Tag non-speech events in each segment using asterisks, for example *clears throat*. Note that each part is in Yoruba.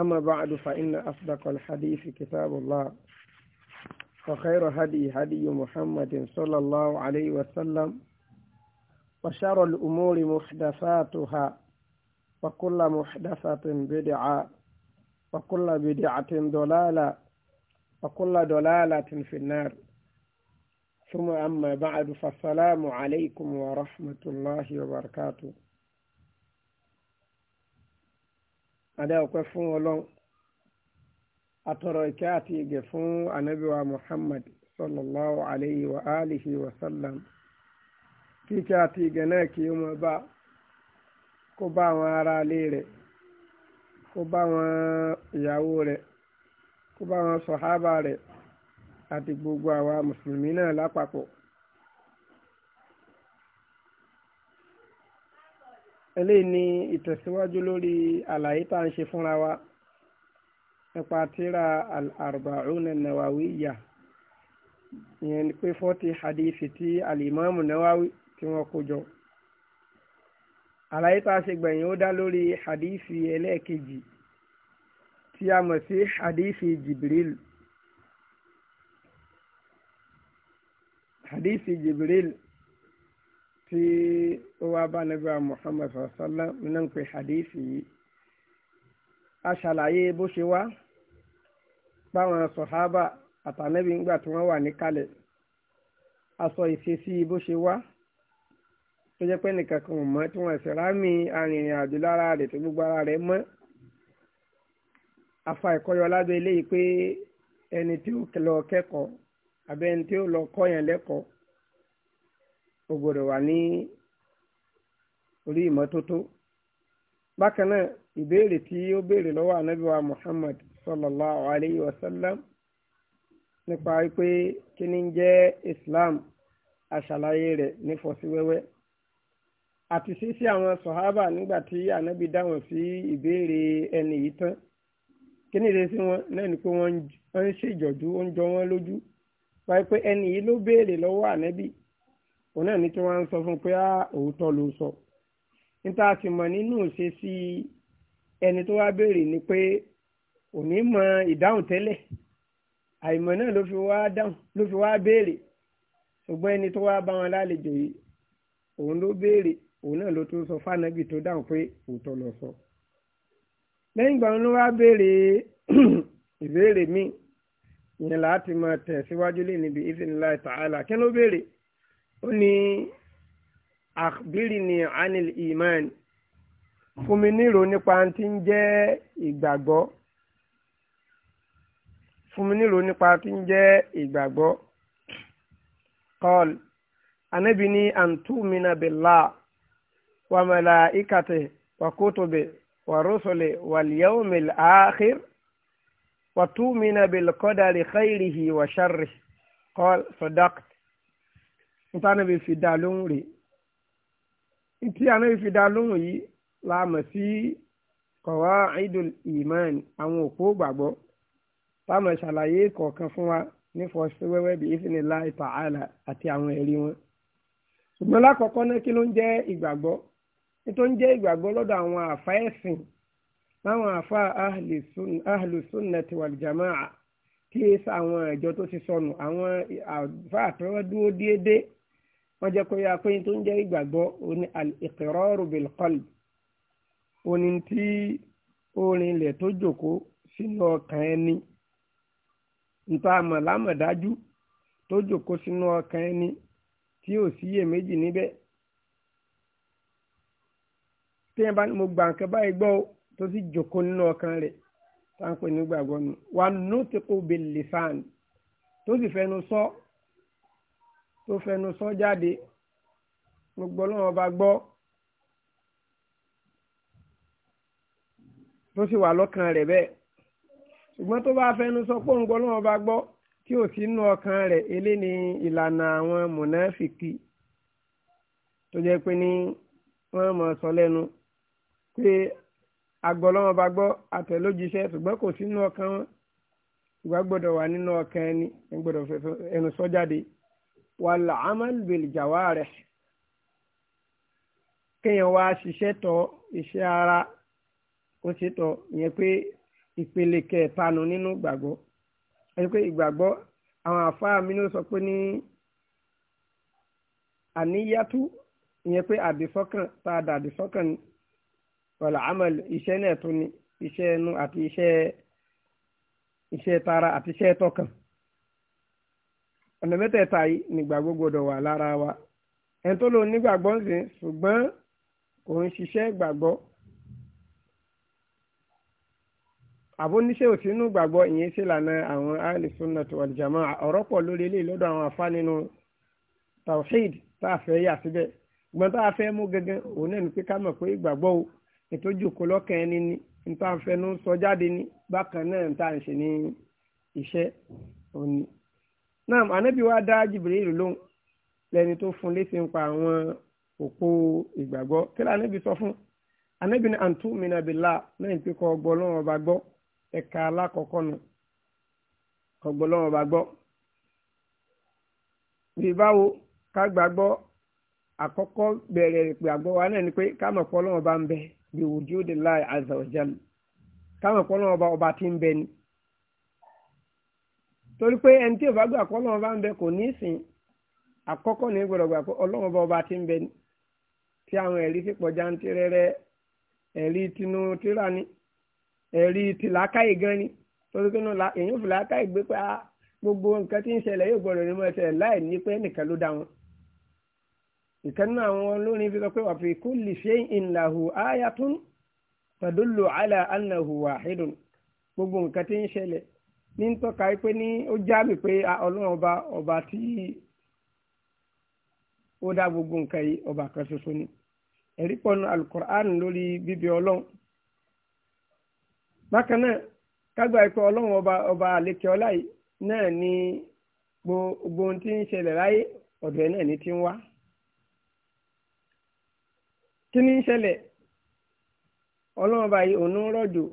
أما بعد فإن أصدق الحديث كتاب الله وخير هدي هدي محمد صلى الله عليه وسلم وشر الأمور محدثاتها وكل محدثة بدعة وكل بدعة ضلالة وكل ضلالة في النار ثم أما بعد فالسلام عليكم ورحمة الله وبركاته adá ọpẹ́ fún Ọlọ́run atọrọ ìkẹ́ àti ìgẹ̀ fún anabiwa Muhammad sallallahu alayhi wa alihi wa sallam kí ìkẹ́ àti ìgẹ̀ náà kí ó mọ bá kó bá àwọn ará ilé rẹ̀ kó bá àwọn ìyàwó rẹ̀ kó bá àwọn sọhábà rẹ̀ àti gbogbo àwa mùsùlùmí náà lápapọ̀. eléyìí ni ìtẹ̀síwájú lórí àlàyé tá à ń ṣe fúnra wa nípa tíra al-arba'una nawawiya ìyẹn ni pé fọ́tì hadithi tí alimami nawawi tí wọ́n kó jọ àlàyé tá a ṣe gbẹ̀yìn ó dá lórí hadithi ẹlẹ́ẹ̀kejì tí a mọ̀ sí hadithi jibril hadithi jibril tí ó wá bá nígbà Muhammad sallá nínú pé hadithi yìí a ṣàlàyé bó ṣe wá báwọn sọ̀hábà àtànẹ́bí ńgbà tí wọ́n wà níkàlẹ̀ a sọ ìṣesí bó ṣe wá tó jẹ́ pé nìkan kan ò mọ́ tí wọ́n ṣe rámì arìnrìn àjò lára rẹ̀ tó gbogbo ara rẹ̀ mọ́ afa ìkọyọ lábẹ́ eléyìí pé ẹni tí ó lọ kẹ́kọ̀ọ́ àbẹ́ni tí ó lọ kọ́ yẹn lẹ́kọ̀ọ́ ó gbọ́dọ̀ wà ní orí ìmọ́tótó bákan náà ìbéèrè tí ó béèrè lọ́wọ́ anábíwá Muhammad sallallahu alayhi wa sallam nípa wípé kí ni ń jẹ́ Islam aṣàlàyé rẹ̀ ní fọ́síwẹ́wẹ́ àti sísí àwọn sọ̀hábà nígbà tí anábì dáhùn sí ìbéèrè ẹni yìí tán kí ni ìrètí wọn náà ni pé wọ́n ń ṣèjọ́jú ó ń jọ wọ́n lójú wáyé pé ẹni yìí ló béèrè lọ́wọ́ anábì òun náà ní kí wọ́n ń sọ fún pé òótọ́ ló sọ níta sì mọ̀ nínú ṣe sí ẹni tó wá béèrè ni pé òní mọ ìdáhùn tẹ́lẹ̀ àìmọ̀ náà ló fi wá dáhùn ló fi wá béèrè ṣùgbọ́n ẹni tó wá bá wọn lálejò yìí òun ló béèrè òun náà ló tún sọ fánábì tó dáhùn pé òótọ́ ló sọ lẹ́yìn ìgbà wọn ló wá béèrè *clears throat* ìbéèrè míì ìyẹn láti máa tẹ̀síwájú lé níbi ìfìnnilá ta'ala kí ló béèrè ó ní àbírí ni anil iman fún mi nírò nípa tí ń jẹ́ ìgbàgbọ́ fún mi nírò nípa tí ń jẹ́ ìgbàgbọ́ kọ́l anabi ní antumina billah wa malaikate wa kutube wa rusule wal yawmil akhir wa tumina bil qadari khairihi wa sharrihi qal sadaqta nta náà fi dá lóhùn rè ntí àná fi dá lóhùn yìí la mọ̀ sí idul iman àwọn òpó gbàgbọ́ táwọn ṣàlàyé kọ̀ọ̀kan fún wa ní fọ́síwẹ́wẹ́ bíi ìfìnnìláì ta'ala àti àwọn ẹ̀rí wọn. ṣùgbọ́n lákọ̀ọ́kọ́ náà kí ló ń jẹ́ ìgbàgbọ́ nítorí ń jẹ́ ìgbàgbọ́ lọ́dọ̀ àwọn àfa ẹ̀sìn láwọn àfa ahlu sunnati jama'a kí àwọn tó ti sọnù àwọn àfa dúró wọ́n jẹ́ kó yá pé tó ń jẹ́ ìgbàgbọ́ òní al-iqraru bil-qalb òní tí orin ilẹ̀ tó jòkó sínú ọkàn ẹni nta àmọ̀ lámọ̀dájú tó jòkó sínú ọkàn ẹni tí ò síyèméjì níbẹ̀ tí yẹn bá mo gbà nǹkan báyìí gbọ́ tó sì jòkó nínú ọkàn rẹ̀ táǹpẹ̀ nígbàgbọ́ nu wà nùtìkù bil-lisan tó sì fẹnu sọ. So, tó fẹnu sọ jáde mo gbọ́ lọ́wọ́ gbọ́ tó sì wà lọ́kàn rẹ̀ bẹ́ẹ̀ ṣùgbọ́n tó bá fẹnu sọ pé òun gbọ́ lọ́wọ́ bá gbọ́ tí ò sí ọkàn ni ìlànà àwọn mùnáfìkì tó jẹ́ pé ní wọ́n mọ̀ sọ lẹ́nu pé agbọ́lọ́wọ́ bá gbọ́ àtẹ̀lójíṣẹ́ ṣùgbọ́n kò sí inú ọkàn wọn ìgbà gbọ́dọ̀ wà nínú ọkàn ẹni ẹ gbọ́dọ̀ ẹnu sọ والعمل بالجوارح bil-jawarih kéèyàn wá ṣiṣẹ́ tọ iṣẹ́ ara ó ṣe tọ ìyẹn pé ìpele kẹtanu nínú ìgbàgbọ́ ẹni pé ìgbàgbọ́ àwọn àfáà mi ló sọ pé ní àníyàtú ìyẹn pé àdìsọ́kàn tá a dà àdìsọ́kàn ni wàlà amal iṣẹ́ náà tún ni iṣẹ́ ẹnu àti iṣẹ́ iṣẹ́ tara àti iṣẹ́ tọkàn ọ̀nà mẹ́tẹ̀ẹ̀ta yìí nígbàgbọ́ gbọ́dọ̀ wà lára wa ẹni tó lò nígbàgbọ́ ń sìn ṣùgbọ́n kò ń ṣiṣẹ́ gbàgbọ́ àbóníṣẹ́ òsínú gbàgbọ́ ìyẹn ṣe lànà àwọn alìsúnnàtì wal jamaa ọ̀rọ̀ pọ̀ lórí eléyìí lọ́dọ̀ àwọn afá nínú tawhid tá a fẹ́ yà síbẹ̀ gbọ́n tá a fẹ́ mú gẹ́gẹ́ òun náà ní pé ká mọ̀ pé ìgbàgbọ́ o ìtọ́jú kò lọ́kàn ẹni ní nípa àfẹnú jáde ní bákan náà níta ń ṣe ní iṣẹ́ òní náà ànábì wa dá Jibril lóhùn lẹni tó fún létí ń pa àwọn òpó ìgbàgbọ́ kí lóò ànábì sọ fún ànábì ní àǹtú mina billah náà ń pè kọ́ ọgbọ́ lọ́wọ́ ọba gbọ́ ẹ̀ka alákọ̀ọ́kọ́ nù ọgbọ́ lọ́wọ́ ọba gbọ́ bí báwo ká gbàgbọ́ àkọ́kọ́ bẹ̀rẹ̀ ìgbàgbọ́ wa náà ni pé ká mọ̀ pé Ọlọ́run ọba ń bẹ bí wujudillah azza wa jal ká mọ̀ pé Ọlọ́run ọba ọba ti ń bẹ ni torí pé ẹni tí ò bá gbà pé ọlọ́run bá ń bẹ kò ní ìsìn àkọ́kọ́ ní gbọ́dọ̀ gbà pé ọlọ́run bá ọba ti ń bẹ tí àwọn ẹ̀rí sì pọ̀ jántìrẹrẹ ẹ̀rí tinú tíra ni ẹ̀rí tìlákàyè gan ni torí pé èyí ò fi làákàyè gbé pé ah, gbogbo nǹkan tí ń ṣẹlẹ̀ yóò gbọ́dọ̀ ní mọ́ ẹsẹ̀ láì ní pé ẹnìkan ló dá wọn ìkànnì àwọn olórin fi sọ pé wàfi kulli shay'in lahu ayatun tadullu ala annahu wahidun gbogbo nǹkan tí ń ṣẹlẹ̀ ní ń tọ́ka pé ní ó já pé ọba ọba tí ó dá gbogbo nǹkan yìí ọba kan ṣoṣo ni ẹ̀rí pọ̀nù alukur'an lórí bíbí ọlọ́run bákan náà ọba ọba àlekè ọlá yìí náà ni gbogbo ohun tí ń ṣẹlẹ̀ láyé ọ̀dọ̀ ẹ̀ náà ọba yìí òun ń rọ̀jò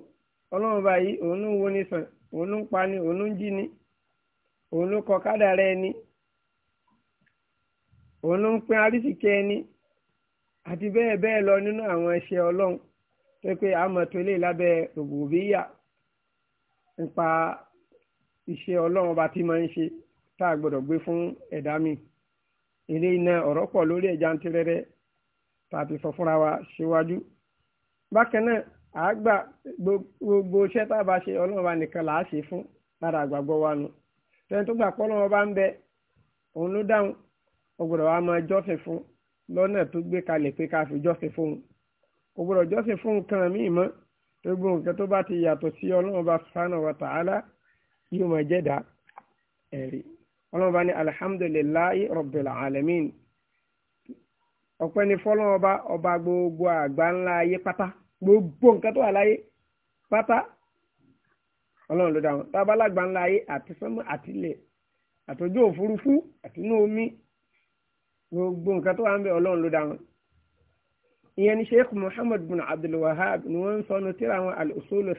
ọba yìí òun ń òun ló ń pani òun ló ń jí ni òun ló kọ kádàrá ẹni òun ló ń pín ẹni àti bẹ́ẹ̀ bẹ́ẹ̀ lọ nínú àwọn ẹ̀ṣẹ̀ ọlọ́run pé pé àmọ̀tò ilé lábẹ́ rògbòbíyà nípa iṣẹ́ ọlọ́run ọba tí máa ń fún ẹ̀dá mi iná ọ̀rọ̀ pọ̀ lórí sọ wa bákan àgbà gbogbo iṣẹ́ tá a bá ṣe ọlọ́run bá nìkan là á ṣe fún lára àgbàgbọ́ wa nu tẹ́ni tó gbà pọ́ lọ́wọ́ bá ń bẹ òun ló dáhùn wa máa jọ́sìn fún lọ́nà tó gbé kalẹ̀ pé ká fi jọ́sìn fún un ọgbọ́dọ̀ jọ́sìn fún nǹkan míì mọ́ gbogbo nǹkan tó bá ti yàtọ̀ sí ọlọ́run wa yóò máa ẹ̀rí ọlọ́run ní gbogbo nǹkan tó wà láyé pátá ọlọ́run ló dá wọn tábàlágbà ńlá ayé àti sánmọ́ àtìlẹ̀ àtòjú òfurufú àtinú omi gbogbo nǹkan tó wà ń bẹ ọlọ́run ló dá wọn. ìyẹn ni sheikh muhammad bin abdul ni wọ́n ń sọ ní tíra àwọn al-usulu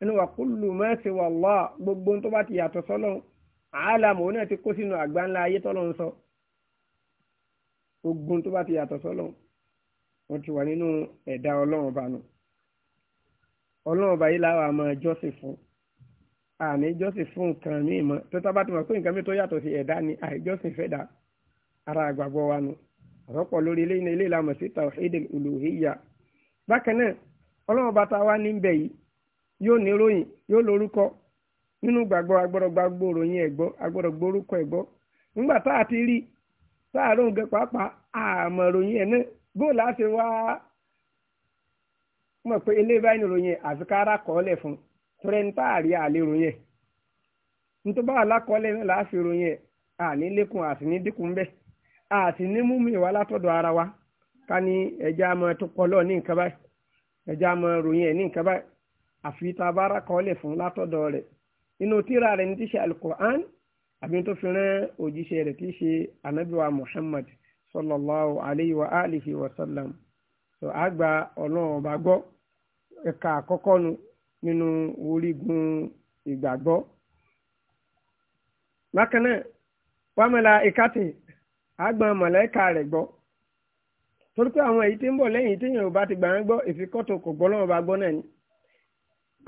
ẹni wà kullu ma siwa Allah gbogbo tó bá ti yàtọ̀ sọ́lọ́ àálàmù òun náà ti kó sínú àgbáńlá ayé tọ́lọ́ sọ gbogbo tó bá ti yàtọ̀ sọ́lọ́ wọ́n ti wà nínú ẹ̀dá ọlọ́run ọba nù ọlọ́run ọba yìí láwa máa jọ́sìn fún àní jọ́sìn fún nǹkan míì mọ́ bá ti mọ̀ pé nǹkan mi tó yàtọ̀ sí ẹ̀dá ni àìjọ́sìn fẹ́ dà ara àgbàgbọ́ wa nù àrọ́pọ̀ lórí ilé ilé ìlànà bákan náà ọlọ́run ọba tá a wá yìí yóò ní bó láti wá mọ̀ pé ilé báyìí ní ròyìn àfikára kọ́ọ́lẹ̀ fún tọ́rẹ́ntà àrí àlè ròyìn nítorí báwa lákọ́ọ́lẹ̀ náà láàfin ròyìn àní lékun àti ní dínkù a si àti ní múmi wá látọ̀dọ̀ ara wa ká ní ẹja máa tó kọlọ́ ní nǹkan báyìí ẹja mọ ròyìn n'i ní nǹkan báyìí àfi kọ́ọ́lẹ̀ fún látọ̀dọ̀ tíra ní tíṣe àbí tó fi rán tíṣe anabiwa Muhammad sallallahu alayhi wa alihi wa sallam so àgbà ọlọ́run ọba gbọ́ ẹ̀ka àkọ́kọ́ nu nínú orígun ìgbàgbọ́ bákan náà wàmẹ́lá ìkàtì àgbà mọ̀lẹ́ka rẹ̀ gbọ́ torí pé àwọn èyí tí ń bọ̀ lẹ́yìn tí èèyàn ò bá ti gbà ń gbọ́ ìfikọ́tò kò gbọ́ lọ́wọ́ bá gbọ́ náà ni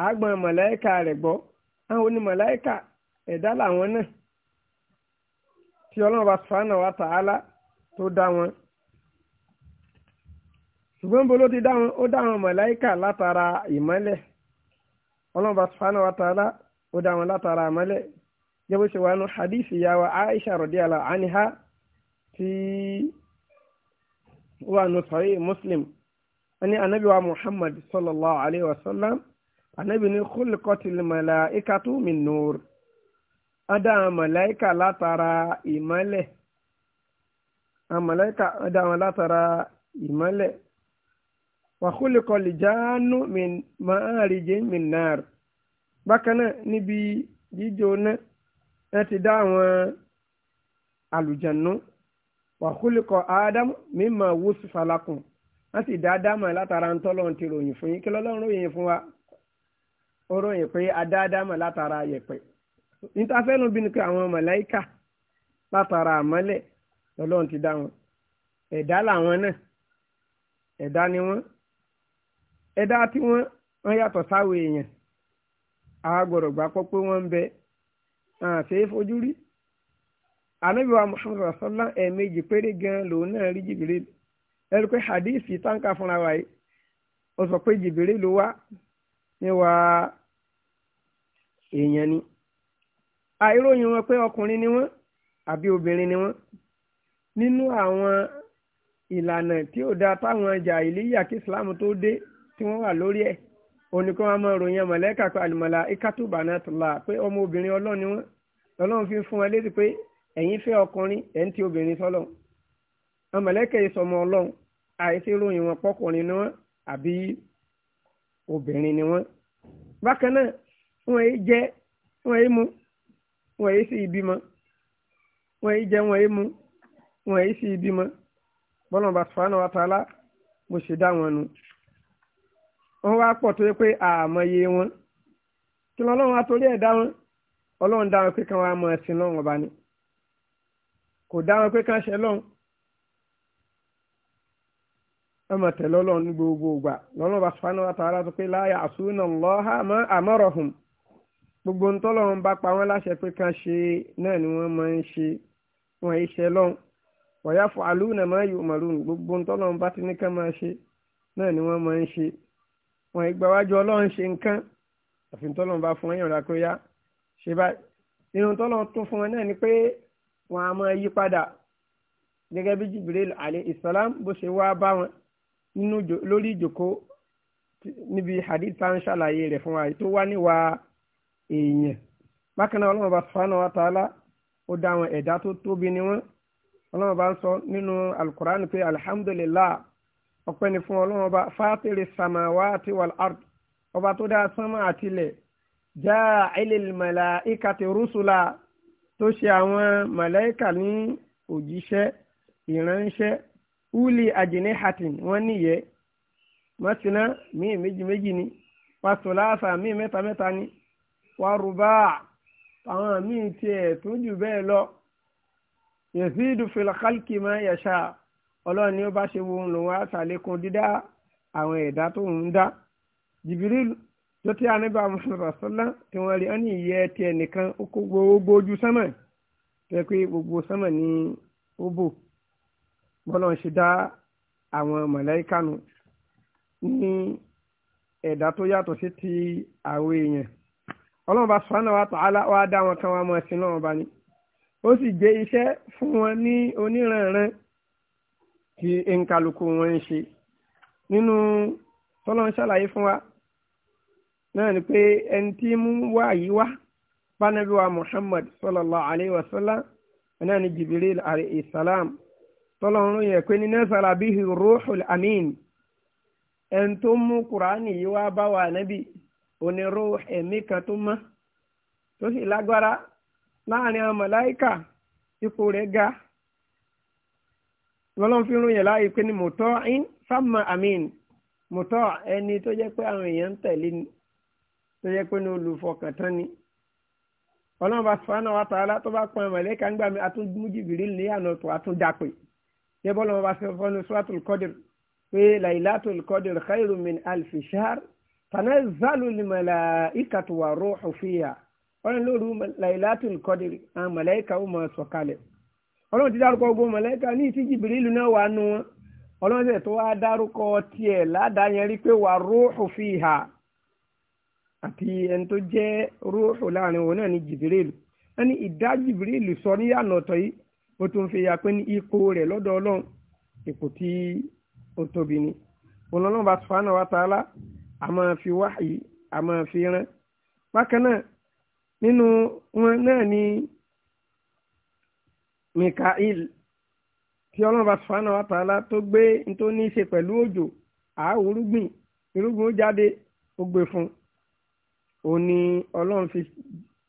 àgbọn mọ̀láìkà rẹ̀ gbọ́ àwọn onímọ̀láìkà ẹ̀dá làwọn náà tí ọlọ́run bá sùfàánà wa tààlà tó dá wọn ṣùgbọ́n bolo ti dá wọn ó dá wọn màláíkà látara ìmọ́lẹ̀ ọlọ́mọba sùfánà wa tààlà ó dá wọn látara ìmọ́lẹ̀ jẹ́ bó ṣe wà nù hadith ìyá wa Aisha radiyallahu anha tí ó wà nù sahih Muslim ani anabi wa Muhammad sallallahu alayhi wa sallam anabi ni khuliqatil malaikatu min nur adá màláíkà látara ìmọ́lẹ̀ àwọn màláíkà wọ́n dá wọn látara ìmọ́lẹ̀ wàhúlẹ̀kọ lè jáánú máa rí jẹ́ mìnàr bákan náà níbi jíjó náà wọ́n ti dá àwọn àlùjànnú wàhúlẹ̀kọ ádámù mímọ wúsù falakùn wọ́n sì dá ádámù látara ntọ́lọ́run ti ròyìn fún yín kí lọ́lọ́run ròyìn fún wa ó ròyìn pé adá ádámù látara yẹ̀pẹ̀ nítafẹ́nu bí ni pé àwọn màláíkà látara àmọ́lẹ̀ lọ́lọ́run ti dá wọn ẹ̀dá làwọn náà ẹ̀dá ni wọ́n ẹ̀dá tí wọ́n wọ́n yàtọ̀ sáwọn èèyàn àgbọ̀rọ̀ gbà pọ̀ pé wọ́n ń bẹ àṣẹ fojú rí ànábì wa muhammadu rasulillah ẹ̀ẹ̀mejì péré gan lòun náà rí jìbìrì ẹ̀rù pé hadisi táǹkà fúnra wa yìí ó sọ pé jìbìrì ló wá níwà èèyàn ni àìròyìn wọn pé ọkùnrin ni wọ́n àbí obìnrin ni wọ́n nínú àwọn ìlànà tí ò dáa táwọn jàhílíyà kí islam tó dé tí wọ́n wà lórí ẹ̀ oníkan wọn máa ròyìn mọ̀lẹ́kà pé àlùmọ̀lá ikátù banatullah pé ọmọ obìnrin ọlọ́run ni wọ́n lọ́lọ́run fi fún wọn létí pé ẹ̀yin fẹ́ ọkùnrin ẹ̀ ń ti obìnrin sọ́lọ̀ wọn mọ̀lẹ́kà yìí àìsí ròyìn wọn pọ́kùnrin ni wọ́n àbí obìnrin ni wọ́n. bákan náà wọn yìí jẹ wọn yìí mu wọn yìí sì bímọ wọn yìí jẹ wọn yìí mu wọn èyí sì bímọ bọ́lá bá sùfàánù wa tààlà mo sì dá wọn nu wọn wá pọ̀ tó yẹ pé àmọye wọn kí lọ́n ẹ̀ dá wọn ọlọ́run dá wọn pé ni kò dá wọn pé ṣe ọmọ ọlọ́run ní gbogbo ìgbà bá sùfàánù tó pé láyà gbogbo bá pa wọ́n láṣẹ pé kán ṣe náà ni wọ́n máa ṣe yìí ṣe lọ́wọ́ wọ̀yá fún alúùnà máa yù màrún gbogbo ntọ́lọ́run bá ti ní ká máa ṣe náà ni wọ́n máa ń ṣe wọn ìgbà wájú ọlọ́run ṣe nǹkan àfi ntọ́lọ́run bá fún ẹ̀yàn lákó yá ṣe báyìí irun tọ́lọ́run tún fún wọn náà ni pé wọn á máa yí padà gẹ́gẹ́ bí Jibril alayhi salam bó ṣe wá bá wọn nínú lórí ìjókòó níbi hadith tá ń ṣàlàyé rẹ̀ fún wa tó wá níwà èèyàn bákan náà ọlọ́run bá sọ́nà wa ọlọ́run bá ń sọ nínú alukur'an pé alhamdulillah ọpẹ́ ni fún ọlọ́run bá fátìrì samawati wal ard ọba tó dá sánmà àtilẹ̀ ja'ilil malaikati rusula tó ṣe àwọn màláìkà ní òjíṣẹ́ ìránṣẹ́ wúlì àjìníhàtìn wọ́n níyẹ́ mọ́sínà míì méjì méjì ni wàsùláàsà míì mẹ́ta mẹ́ta ni wàrúbà àwọn míì tiẹ̀ tó jù bẹ́ẹ̀ lọ yẹ̀sídù fìlàkàlìkì mọ́ yẹ̀ṣà ọlọ́run ni ó bá ṣe wọn lòun á ṣàlékún dídá àwọn ẹ̀dá tó ń dá jìbìrìlù tó tí anábà mùsùlùmí sọ́lá tí wọ́n rí ọ́ ní ìyẹ́ ti ẹnìkan ó kó gbogbo ojú sánmà tẹ́ pé gbogbo sánmà ní ó bò bọ́lá ń ṣe dá àwọn màláíkà nù ní ẹ̀dá tó yàtọ̀ sí ti àwọn èèyàn ọlọ́run bá subhanahu wa ta'ala wá dá wọn kan wá mọ́ ẹ̀sìn náà wọn bá ní. ó sì jẹ́ iṣẹ́ fún wọn ní oníranran tí nkàlùkù wọn ń ṣe nínú tọ́lọ́n ṣàlàyé fún wa náà ni pé ẹni tí mú wá yìí wá bánabi Muhammad sallallahu alayhi wa sallam náà ni Jibril alayhi salam tọ́lọ́run yẹ pé nínú sàlàbíhi ruhul amin ẹni tó mú kùránì yìí wá bá wa nábì onírú ẹ̀mí kan tó tó sì lágbára láàrin àwọn màláìkà ipò rẹ̀ ga lọ́lọ́n fi rún yẹn láàyè pé ní mọ̀tọ́ in sámà amin mọ̀tọ́ ẹni tó jẹ́ pé àwọn èèyàn ń tẹ̀lé ni tó jẹ́ pé ní olùfọkàntán ni ọlọ́run bá sọ́nà wa tààlà tó bá pọn màláìkà ń gbà mí àtúndúmújìbìrì ní àná tó àtúndàpè yẹ bọ́lá wọn bá sọ fọ́nù suratul Qadr pé lailatul Qadr khairu min alfi shahr tanazzalu limala'ikatu wa ruhu ọlọ́run lóru lailatul kọ́dìrì àwọn mọ̀lẹ́kà ó máa sọ̀kalẹ̀ ọlọ́run ti dárúkọ gbogbo mọ̀lẹ́kà ní ìsí jìbìrìlù náà wà nù wọn ọlọ́run tẹ̀ tó wá dárúkọ tiẹ̀ ládàá yẹn rí pé wà rúùhù fìhà àti ẹni tó jẹ́ rúùhù láàrin òun náà ní jìbìrìlù wọn ìdá jìbìrìlù sọ níyànà ọ̀tọ̀ yìí ya pé ní ipò rẹ̀ lọ́dọ̀ ọlọ́run ipò tí tóbi ni òun bá nínú wọn náà ni Mikael tí ọlọ́run bá sùfánà wa tààlà tó gbé tó ní í ṣe pẹ̀lú òjò àáwúrúgbìn irúgbìn ó jáde ó gbé fún un òun ni ọlọ́run fi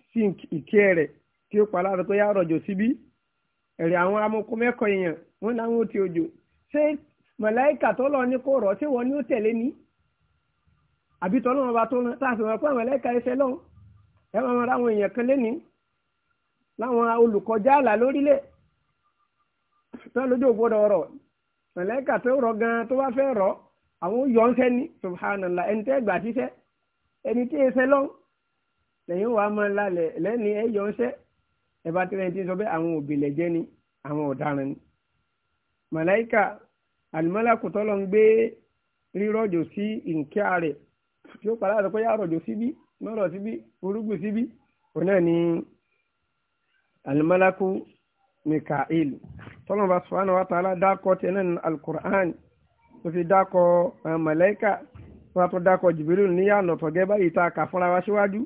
sí ìkẹ́ rẹ̀ tí ó pa lára tó yá rọ̀jò síbí ẹ̀rẹ̀ àwọn amoko mẹ́kọ̀ èèyàn wọn làwọn ò ti òjò ṣé màláíkà tó lọ ní kó rọ̀ ṣé wọn ni ó tẹ̀lé ní àbí tọ́lọ́run bá tó rán táà fi wọn pé màláíkà ẹsẹ̀ lọ́hùn ẹ máa ra àwọn èèyàn kan lẹ́ni láwọn olùkọjá àlà lórílẹ̀ tó lójú ògbọ́dọ̀ ọ̀rọ̀ mọ̀lẹ́kà tó rọ gan tó bá fẹ́ rọ àwọn yọ̀ ń sẹ́ni subhanallah ẹni tẹ́ gbà síṣẹ́ ẹni tí èsẹ́ lọ́n lẹ́yìn wàá máa lálẹ́ lẹ́ni ẹ yọ̀ ń sẹ́ ẹ bá tẹ́lẹ̀ tí ń sọ bẹ́ẹ̀ àwọn òbílẹ̀ jẹ́ ni àwọn ọ̀daràn ni mọ̀lẹ́kà àlùmọ́lẹ́kù tọ́lọ́ ń gbé rírọ̀jò sí ìǹkíà rẹ̀ tí ó padà sọ pé yà rọ̀jò síbí. Si mọ́rọ̀ síbí orúgbìn síbí òun náà ni alimalaku mikael tọ́lọ́mọba subhanahu wa ta'ala dákọ̀ tiẹ̀ náà eh, ní alukur'an tó fi dákọ̀ màláíkà wọn tó dákọ̀ jìbìrì níyànà tọ̀gẹ́ báyìí tá a kà fúnra wa síwájú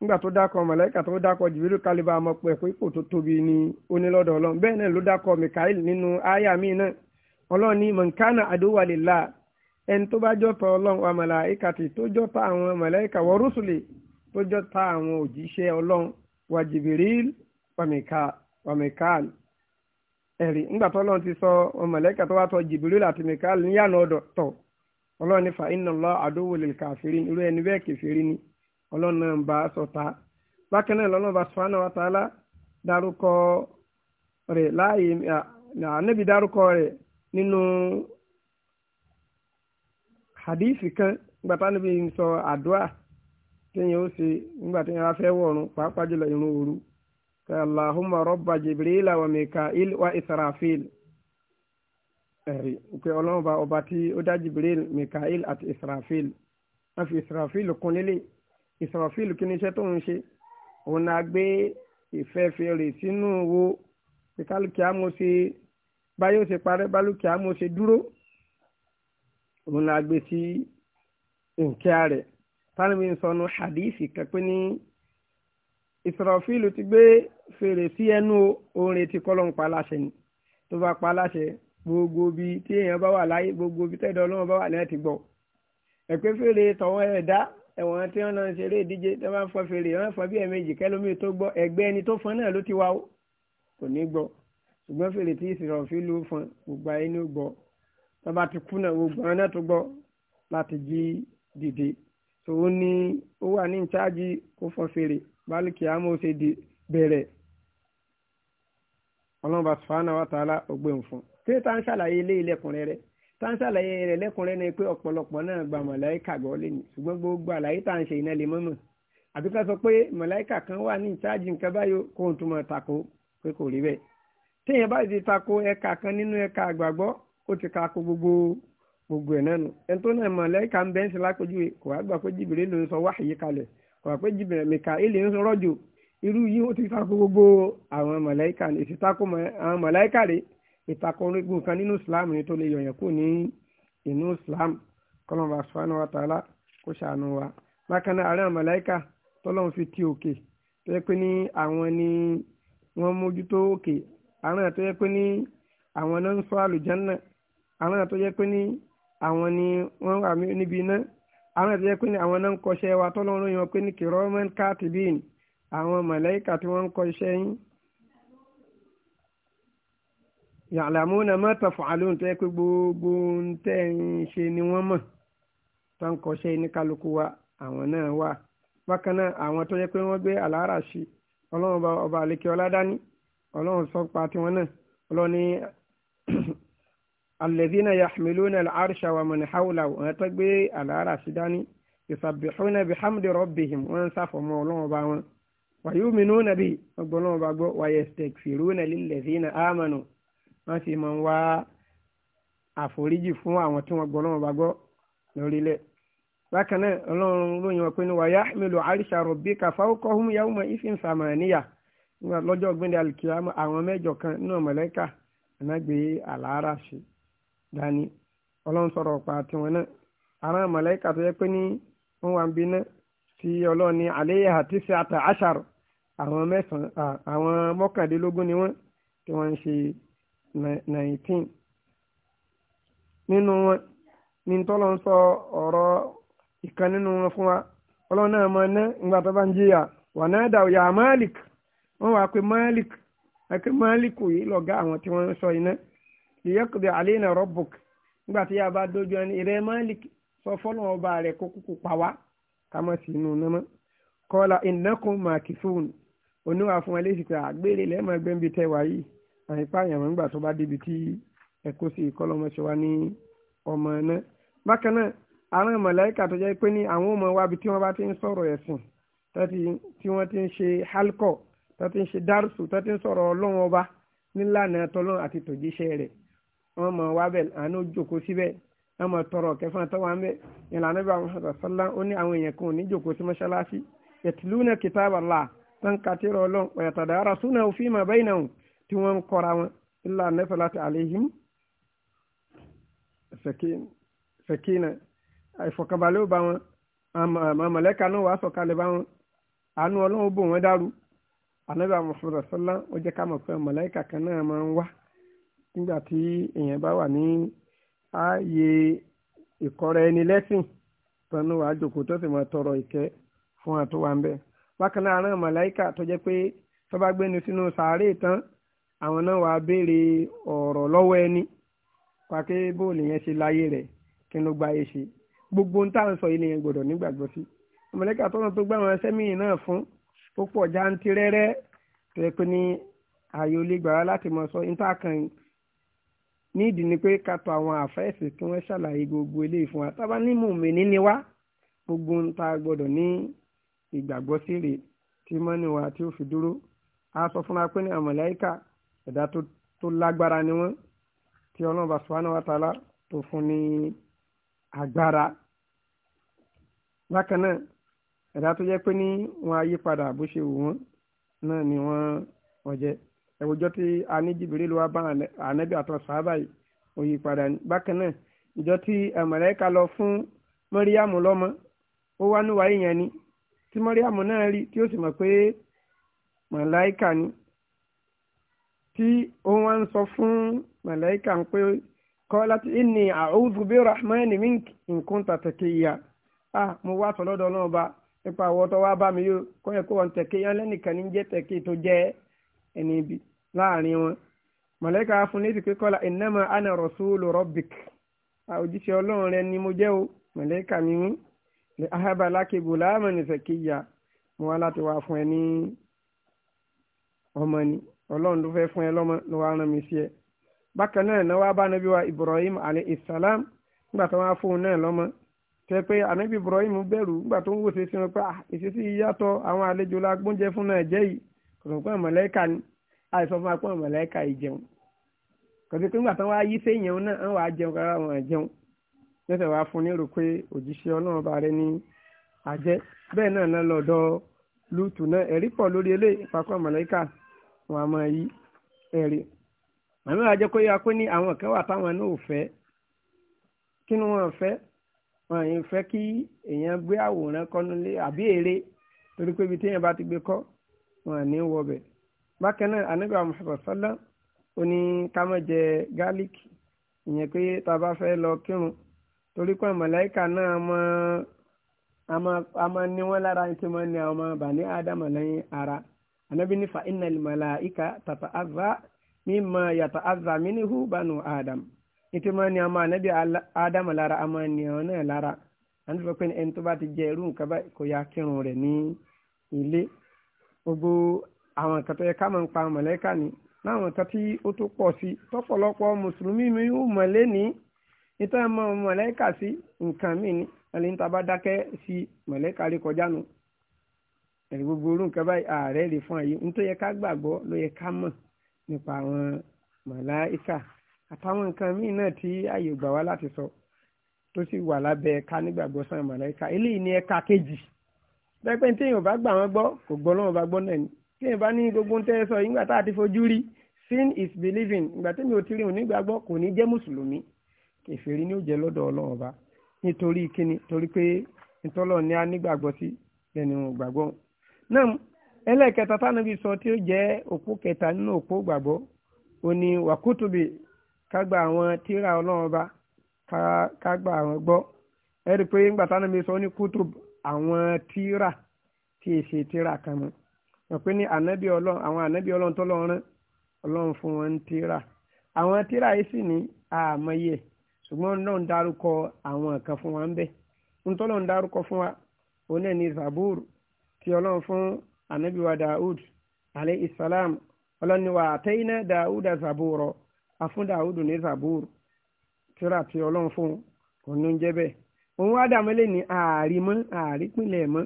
nígbà tó dákọ̀ màláíkà tó dákọ̀ jìbìrì kálíbà ọmọ pẹ̀ pé ipò tó tóbi ni onílọ́dọ̀ ọlọ́run bẹ́ẹ̀ náà ló dákọ̀ mikael nínú àyà míì náà ọlọ́run ní mọ̀nkánà àdówà lè ẹni tó bá jọta ọlọ́run wa màláìkàtì tó jọ́ta àwọn màláìkà wa rúṣùlì tó jọ́ta àwọn òjíṣẹ́ ọlọ́run wa jìbìrìl mikael ẹ̀rí ńgbà tó ọlọ́run ti sọ màláìkà tó wá tọ jìbìrìl àti mikael ọ̀dọ̀ tọ̀ ọlọ́run ní fa iná lọ lè irú ẹni bẹ́ẹ̀ ni ọlọ́run náà ń bá a hadith kan nígbà táwọn ibi ń sọ àdúrà téèyàn ó ṣe nígbà téèyàn bá fẹ́ wọ̀run pàápàá jùlọ ìrun òru Allahumma rabba Jibril wa Mikail wa Israfil ẹ̀rí pé ọlọ́run bá ọba tí ó dá Jibril Mikail àti Israfil wọ́n fi Israfil kún lélẹ̀ Israfil kí ni iṣẹ́ tó ń ṣe òun náà gbé ìfẹ́fẹ́ rẹ̀ sínú wo kíkálukì àmọ́ ṣe báyọ̀ ṣe parẹ́ bálùkì àmọ́ ṣe dúró òun la gbé sí nkẹ́ rẹ̀ tánàbí ń sọnu hadithi kápẹ́ ní Israfilu ti gbé fèrè sí ẹnu orin tí kọ́lọ́n pa láṣẹ ni tó bá pa láṣẹ gbogbo bí tí èèyàn bá wà láyé gbogbo bí tẹ́ẹ̀dọ́ ọlọ́run bá wà ní ẹ̀tì gbọ́ ẹ̀pẹ́ fèrè tọ̀wọ́n ẹ̀dá ẹ̀wọ̀n tí wọ́n náà ń ṣeré ìdíje tí wọ́n bá ń fọ fèrè wọ́n fọ bí ẹ̀ẹ̀mejì kẹ́lómi tó gbọ́ ẹgbẹ́ ẹni tó fọn náà ló ti wá kò ní gbọ́ ṣùgbọ́n fèrè tí Israfilu fọn gbogbo ayé ní ó gbọ́ tọ́ba ti kú náà gbogbo àwọn náà tó gbọ́ láti jí dìde tòun ni ó wà ní ìcháàjì kó fọ́ fèrè bálùkì àmọ́ ṣe di bẹ̀rẹ̀ ọlọ́mọba sùfàánà wà tààlà ọgbẹ́ fún ṣé tá ń ṣàlàyé ilé ilẹ̀kùnrin rẹ tá ń ṣàlàyé rẹ lẹ́kùnrin ni pé ọ̀pọ̀lọpọ̀ náà gba mọ̀láìkà gbọ́ lẹ́nu ṣùgbọ́n gbogbo àlàyé tá ń ṣe iná lè mọ́mọ́ àbí ká sọ pé mọ̀láìkà kan wà ní ìcháàjì nǹkan báyò kó n túmọ̀ tako pé kò rí bẹ́ẹ̀ téèyàn bá ti tako ẹ̀ka kan nínú ẹ̀ka àgbàgbọ́ ó ti ka kó gbogbo gbogbo ẹ̀ náà nù ẹni tó náà mọ̀lẹ́kà ń bẹ́ẹ̀ sí lápẹ́jùwe kò wá gbà pé jìbìrì ló ń sọ wáhìí kalẹ̀ kò wá pé jìbìrì mìkà èlé ń sọ rọ́jò irú yìí ó ti takò gbogbo àwọn mọ̀lẹ́kà ní èsì takò àwọn mọ̀lẹ́kà rè ìtakò orígun kan nínú Islam ni tó lè yọ̀yàn kù ní inú Islam kọlọ́mù asfáànù wa tààlà kó ṣàánú wa bákan náà àárẹ̀ mọ̀lẹ́kà tọ́lọ́mù fi ti òkè àwọn tó jẹ́ pé ní àwọn ni wọ́n wà níbi iná àwọn tó jẹ́ pé ní àwọn náà ń kọṣẹ́ wa tọ́lọ́run yẹn pé ní kìrọ́mọ́n káàtìbíìn àwọn màláíkà tí wọ́n ń kọ iṣẹ́ yín. ya'lamuna ma taf'alun tó yẹ pé gbogbo ń tẹ́ ń ṣe ni wọ́n mọ̀ tó ń kọṣẹ́ ní kálukú wa àwọn náà wà bákan náà àwọn tó yẹ pé wọ́n gbé àláràṣì ọlọ́run ọba àlekè ọládání الذين يحملون àrṣà ومن حوله haúlà على tó gbé àlàárà sí dání ìsàbìhúnà bí hamdi rọ́bìhìm wọn sáfọmọ ọlọ́wọ́ bá wọn wàyúmínúnà bí من bá gbọ́ wàyẹ̀stẹ̀kfìrúnà lílẹ̀dínà ámànù wọn sì máa ń wá àforíjì fún àwọn tí wọn gbọ́nọ́wọ́ bá gbọ́ lórílẹ̀ bákan náà ọlọ́run lóyún wọn pé ní wàyàhmìlú àrṣà rọ̀bìkà fáwọ́kọ́hùn yàwùmọ̀ ìfín sàmàníyà lọ́jọ́ gbẹ́ndẹ̀ alikiyama àwọn mẹ́jọ kan náà mọ̀lẹ́kà ẹ̀nà gbé àlàárà daani ọlọ́run sọ̀rọ̀ ọ̀pá tiwọn náà àwọn mọ̀lẹ́kà tó yẹ pé ní wọ́n wà ń bí náà ọlọ́run ní àléyà àti àwọn mẹ́sàn-án àwọn mọ́kàndínlógún ni wọ́n tí wọ́n ń ṣe nineteen nínú wọn ní sọ ọ̀rọ̀ ìkan nínú wọn fún wa ọlọ́run náà máa ná ìgbà tó bá ń ya Malik wọ́n Malik pe Malik yìí lọ́gá àwọn tí wọ́n ń sọ iná. liyaqdi alina rabbuk nígbà tí yàrá bá dojú ẹni ìrẹ́ malik sọ fọ́lọ́ ọba rẹ̀ kó kúkú pa wá ká mọ̀ sí inú náà kọ́lá innakum makithun oníwà fún ẹ léṣi pé àgbèrè lẹ́mọ̀ ẹgbẹ́ níbi tẹ́ wáyé àyípa àyàmọ́ nígbà tó bá débi tí ẹ̀kọ́ sí ìkọ́lọ́mọṣẹ́ wa ní ọmọ náà bákan náà àwọn màláíkà tó jẹ́ pé ní àwọn ọmọ wa bí tí wọ́n bá ti ń sọ̀rọ̀ ẹ̀sìn tí wọ́n ti ń ṣe halkọ̀ tó ti ń ṣe dárùsù tó ti ń sọ̀rọ̀ ọlọ́run ọba nílànà tọ́lọ́run àti tòjíṣẹ́ rẹ̀ wọ́n mọ̀ wá bẹ̀ àánú jòkó síbẹ̀ wọ́n mọ̀ tọrọ kẹfà tó wà ń bẹ̀ yẹn lànà bí àwọn sọ̀tọ̀sọ́lá ó ní àwọn èèyàn kan ò ní jòkó sí mọ́ṣáláṣí yatluna kitab Allah tán kàtíró ọlọ́run wa yatadarasunahu fima bainahum tí wọ́n ń kọ́ra wọn illa nazalat alaihim sakina ìfọ̀kànbalẹ̀ ó bá wọn àmọ̀lẹ́ka náà wàá sọ̀kalẹ̀ bá wọn àánú ọlọ́run ó bò wọ́n dàrú ànábì Muhammad sallallahu ó jẹ́ ká mọ̀ pé mọ̀lẹ́ka kan náà máa ń wá nígbà tí èèyàn bá wà ní ààyè ìkọ́ra ẹni lẹ́sìn tọ́nú àjòkó tó sì máa tọrọ ìkẹ́ fún àtúwà ńbẹ. bákan náà àrùn màláìkà tó jẹ́ pé tó bá gbénu sínú sàárè tán àwọn náà wàá béèrè ọ̀rọ̀ lọ́wọ́ ẹni pàkẹ́ bóòlù yẹn ṣe láyé rẹ̀ kí ló gba ayé ṣe gbogbo ń tá ń sọ yìí nìyẹn gbọ́dọ̀ nígbàgbọ́ sí màláìkà tọ́nà tó gbá àwọn ẹsẹ́ náà fún ó pọ̀ jántìrẹ́rẹ́ tó yẹ pé ní ààyè olè gbàrà láti mọ̀ sọ ní tá a kàn nídìí ni pé ká tọ̀ àwọn àfẹ́sì kí wọ́n ṣàlàyé gbogbo eléyìí fún wa tábà ní mùmíní ni wá gbogbo ń ta gbọ́dọ̀ ní ìgbàgbọ́ sí rè tí mọ́ni wa tí ó fi dúró a sọ fúnra pé ní àmọ̀láyíkà ẹ̀dá tó lágbára ni wọ́n tí ọlọ́run bá wa ta'ala tó fún ní agbára bákan náà ẹ̀dá tó jẹ́ pé ní wọ́n á yí padà bó ṣe wù wọ́n náà ni wọ́n wọ́n jẹ́. ẹwùjọ tí a ní jìbìrìlù wa bá ànábì àtàwọn sàábà yìí òyì padà bákan náà ìjọ tí eh, lọ fún mọ́ríyàmù lọ́mọ ó wá ni tí mọ́ríyàmù náà rí tí ó sì mọ̀ pé ni tí ó wá ń sọ fún màláíkà ń pé qalat inni a'udhu bi rahmani minki in kunta taqiya à mo wá sọ lọ́dọ̀ náà bá nípa àwọ̀ tó wá bá mi yóò kọ́ yẹ wọn yẹn lẹ́nìkan ní jẹ́ láàrin wọn màlẹ́kà fún létí pé ana rasulu rabbik òjíṣẹ́ ọlọ́run rẹ ni mo jẹ́ o màlẹ́kà ni mí lè ahaba lákè gulaman zakiya mo wá láti wá fún ẹ ní ọmọ ni ọlọ́run ló fẹ́ fún ẹ lọ́mọ ló wá rán mi sí ẹ bákan náà náà wá bá nàbí wa Ibrahim ali salam nígbà tó wá fóun náà lọ́mọ tẹ pé anabi ibrahim bẹ̀rù nígbà tó ń wòsè sí wọn pé ah, ìṣesí yíyàtọ̀ àwọn àlejò la gbóúnjẹ fún náà jẹ́ yìí kò sọ pé mọ̀lẹ́kà ni àìsàn fún apá mọ̀lẹ́kà ìjẹun kòtí pé ńgbà tán wá yí séèyàn náà ń wàá jẹun kára wọn jẹun lẹ́sẹ̀ wá fún nírò pé òjíṣẹ́ ọlọ́run bá rẹ ní àjẹ́ bẹ́ẹ̀ náà náà lọ́dọ̀ lùtù náà ẹ̀rí pọ̀ lórí eléyìí ìpapọ̀ mọ̀lẹ́kà wọn a máa yí ẹ̀rí àmì àjẹ́ kó yá pé ní àwọn kan wà táwọn náà ò fẹ́ kí ni wọ́n fẹ́ wọn yìí fẹ́ kí èèyàn gbé àwòrán kọ́nulé àbí èrè torí pé ibi téèyàn bá ti gbé kọ́ wọn à ní wọbẹ̀ bákan náà anabi muhammad sallam ó ní ká má jẹ garlic ìyẹn pé tá a bá fẹ́ lọ kírun torí pé màláìka náà mọ́ a máa ní wọn lára tí wọ́n ní àwọn ọmọ bani ádámà lẹ́yìn ara anabi ní fa innal màláìka tàtà azà mímọ yàtọ̀ azà mínú banu ádámà nítorí wọ́n ní àwọn anabi ádámà lára a ní àwọn náà lára àti sọ pé ẹni tó bá ti jẹ irú nǹkan báyìí kò yá kírun rẹ̀ ní ilé gbogbo àwọn nǹkan tó yẹ ká máa ń pa mọ̀lẹ́kà ni láwọn nǹkan tí ó tó pọ̀ sí tọ́pọ̀lọpọ̀ mùsùlùmí mi ò mọ̀lé ní nítorí mọ̀ mọ̀lẹ́kà sí nǹkan mi ni ẹni níta bá dákẹ́ sí mọ̀lẹ́kà rí kọjá nu ẹ̀rí gbogbo orú nǹkan báyìí ààrẹ lè fún àyè nítorí yẹ ká gbàgbọ́ ló yẹ ká mọ̀ nípa àwọn mọ̀láìkà àtàwọn nǹkan míì náà tí àyè gbà wá láti sọ tó sì wà lábẹ́ ká nígbàgbọ́ sáwọn mọ̀láìkà eléyìí ni ẹ̀ka kejì bẹ́ẹ̀ pé tí èèyàn bá gbà wọ́n gbọ́ kò gbọ́ lọ́wọ́ bá gbọ́ náà ni tí èèyàn bá ní gbogbo ń tẹ́ sọ nígbà tá a ti fojú rí sin is believing ìgbà tẹ́mi ò ti rí òun nígbàgbọ́ kò ní jẹ́ mùsùlùmí kèfèrí ni ó jẹ́ lọ́dọ̀ ọlọ́run ọba nítorí kíni torí pé ntọ́lọ̀ ni a nígbàgbọ́ sí lẹ́nu gbàgbọ́ náà ẹlẹ́ẹ̀kẹta tánàbí sọ tí ó jẹ́ òpó kẹta nínú òpó gbàgbọ́ ó ní wàkútùbì ká gba àwọn tíra ọlọ́run ọba ká gba àwọn gbọ́ ẹ rí i pé ńgbà sọ ní kútùb àwọn tíra tí èsì tíra kan mọ́ pé ní ànábì ọlọ́run àwọn ànábì ọlọ́run tó lọ́run rán ọlọ́run fún wọn ń tíra àwọn tíra yìí sì ní àmọye ṣùgbọ́n lọ́run dárúkọ àwọn kan fún wa ń bẹ̀ ń tó lọ́run dárúkọ fún wa òun náà ní zabur tí ọlọ́run fún ànábì wa daoud alayhi isalam. ọlọ́run ni wà àtẹ́yìnà daoud zaburo àfún daoud ní zabur tíra tí ọlọ́run fún òun ló ń jẹ́ bẹ́ẹ̀ òun wá dàmọ́lé ní ààrí mọ́ ààrí pínlẹ̀ mọ́